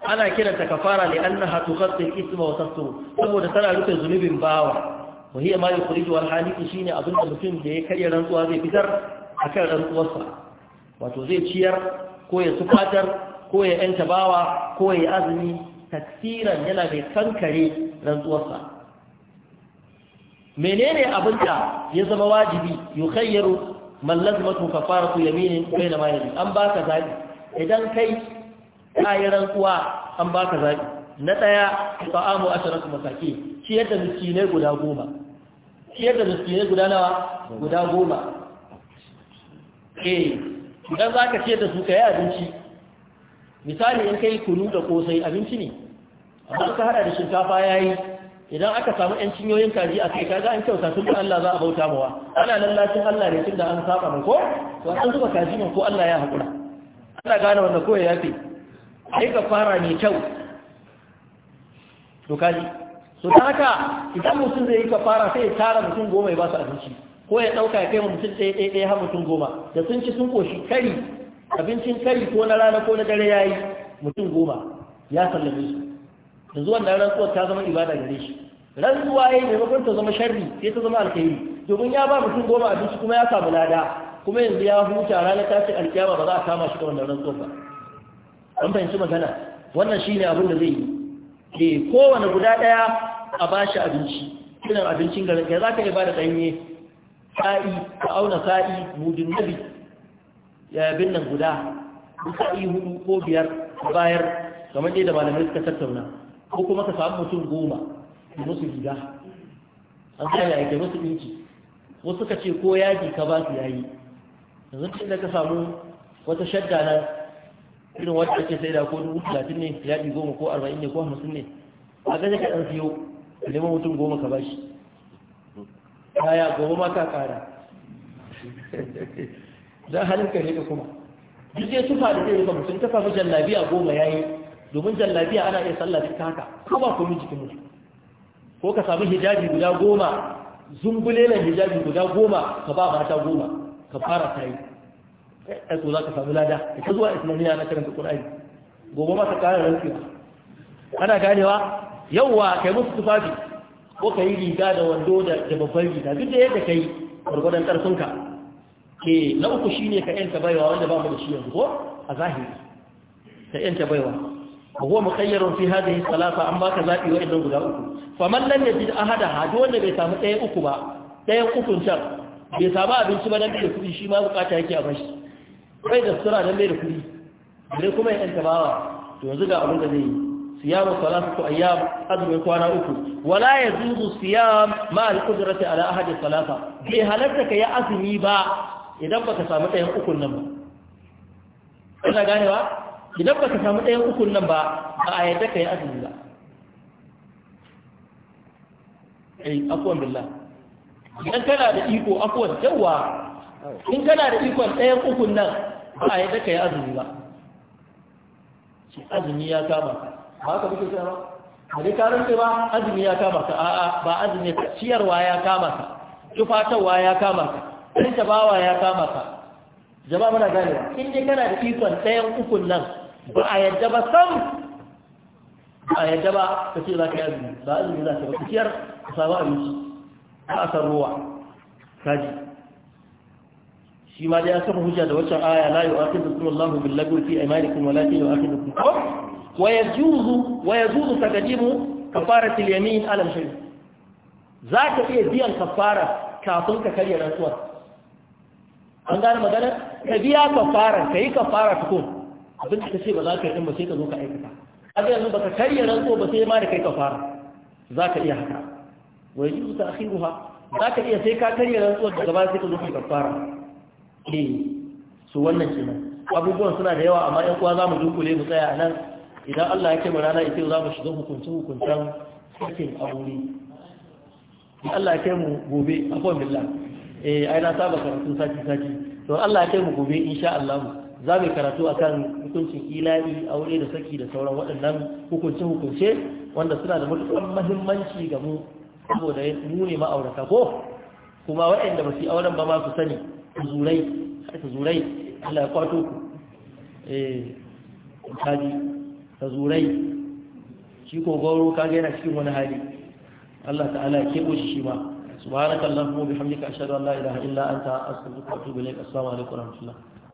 ana kiranta kafara ne annaha tughatti al-ithma wa sassu saboda tana rufe zunubin bawa ba hiya ma kuriji wa shine ne abinda mutum da ya karya rantsuwa zai fitar a kan rantsuwarsa wato zai ciyar ko ya sufatar ko ya yanta bawa ko ya azumi taksiran yana mai kankare rantsuwarsa menene abinda ya zama wajibi yukhayyaru man lazmatu kafaratu yaminin bayna ma an baka zabi idan kai ka yi rantsuwa an baka zaɓi na ɗaya ta'amu asharatu masakin ciyar da miskinai guda goma ciyar da miskinai guda nawa guda goma eh idan za ka ciyar da su kai abinci misali in kai kunu da kosai abinci ne amma ka hada da shinkafa ya yi idan aka samu ‘yan cinyoyin kaji a kai kaga an kyauta tun Allah za a bauta mawa ana lallacin Allah ne tun da an saba mai ko to an zuba kaji ko Allah ya haƙura ana gane wanda koyi ya ai ka fara mai kyau to kaji so ta haka idan mutum zai yi ka fara sai ya tara mutum goma ya ba su abinci ko ya ɗauka ya kai ma mutum ɗaya ɗaya ɗaya har mutum goma da sun ci sun koshi kari abincin kari ko na rana ko na dare ya yi mutum goma ya sallame su yanzu wannan rantsuwar ta zama ibada gare shi rantsuwa ya yi maimakon ta zama sharri sai ta zama alkhairi domin ya ba mutum goma abinci kuma ya samu lada kuma yanzu ya huta ranar ce alkiyama ba za a kama shi da wannan rantsuwar ba an fahimci magana wannan shine abin da zai yi eh kowane guda ɗaya a bashi abinci irin abincin garin kai zaka ba bada danye sa'i ka auna sa'i mudin nabi ya bin nan guda sa'i hudu ko biyar bayar kamar dai da malamai suka tattauna ko kuma ka samu mutum goma musu giga. an sa ya ke musu dinki wasu ka ce ko yaji ka ba su yayi yanzu tun da ka samu wata shadda na irin wanda ake sai da ko dubu talatin ne yaɗi goma ko arba'in ne ko hamsin ne a gaje ka ɗan siyo ka neman mutum goma ka bashi kaya goma ma ka ƙara don halin ka ne ka kuma duk ya tufa da zai rufa mutum ta fafi jallabiya goma ya yi domin jallabiya ana iya sallah ta haka ko ba ku miji kuma ko ka samu hijabi guda goma zumbulelen hijabi guda goma ka ba mata goma ka fara ta yi aiko za ka samu lada da ta zuwa islamiyya na karanta ƙul'ani gobe masa ƙarar rantsiya ana ganewa wa kai musu tufafi ko ka yi riga da wando da babban rita duk da yadda ka yi gwargwadon ƙarfinka ke na uku shi ne ka ta baiwa wanda ba mu da shi yanzu ko a zahiri ka ta baiwa a kuma mukayyarun fi hada yi salafa an baka zaɓi wa idan guda uku faman nan ya ji a hada hajji wanda bai samu ɗaya uku ba ɗayan ukun can bai samu abinci ba nan da ya kuɗi shi ma bukata yake a bashi bai da sura da mai da kuri dai kuma ya yanta bawa to yanzu ga abin da zai yi siyamu salatu ku ayyam azumi kwana uku wala yazuzu siyam ma al qudrati ala ahadi salata bai halatta ka ya azumi ba idan baka samu ɗayan uku nan ba kana ba. idan baka samu ɗayan uku nan ba ba a yadda ka ya azumi ba ai akwai billah idan kana da iko akwai jawwa in kana da ikon ɗayan ukun nan ba a yi ka yi azumi ba shi azumi ya kama ka ba ka sai ba a dai karin ba azumi ya kama ka a'a ba azumi ka ciyarwa ya kama ka tufatarwa ya kama ka ɗan tabawa ya kama ka jama'a muna ba. in dai kana da ikon ɗayan ukun nan ba a yadda ba sam a yadda ba ka ce za ka yi azumi ba azumi za ka yi ba ka ciyar ka samu abinci ka san ruwa kaji شما دي أصبح هجادة وشاء آية لا يؤخذكم الله باللغو في أمالكم ولكن يؤخذكم ويجوز ويجوز تقديم كفارة اليمين على مشاهد ذاك إيه دي الكفارة كاطنك كالية رسوة عندنا مدانة كذية كفارة كي كفارة تكون أبنك تشيء بذلك إن بسيطة نوك أي كفارة أبنك أنه بك كالية رسوة بسيطة ما لكي كفارة ذاك إيه حكا ويجوز تأخيرها ذاك إيه سيكا كالية رسوة بذلك نوك أي كفارة eh su wannan kenan abubuwan suna da yawa amma yan za zamu dukule mu tsaya nan idan Allah ya mu rana ita za mu shiga hukuncin hukuncin sakin aure in Allah ya kai mu gobe akwai billah eh ai na saba karatu sati sati to Allah ya kai mu gobe insha Allah za mu karatu akan hukuncin ila'i aure da saki da sauran waɗannan hukunce-hukunce wanda suna da matuƙar muhimmanci ga mu saboda mu ne ma'aurata ko kuma waɗanda ba su auren ba ma su sani zurai ta zurai ala ya kwato ku eh kaji ta zurai shi ko gauro kaga yana cikin wani hali Allah ta'ala ke kebo shi ma subhanakallahumma bihamdika ashhadu an la ilaha illa anta astaghfiruka wa atubu ilayk assalamu alaikum wa rahmatullah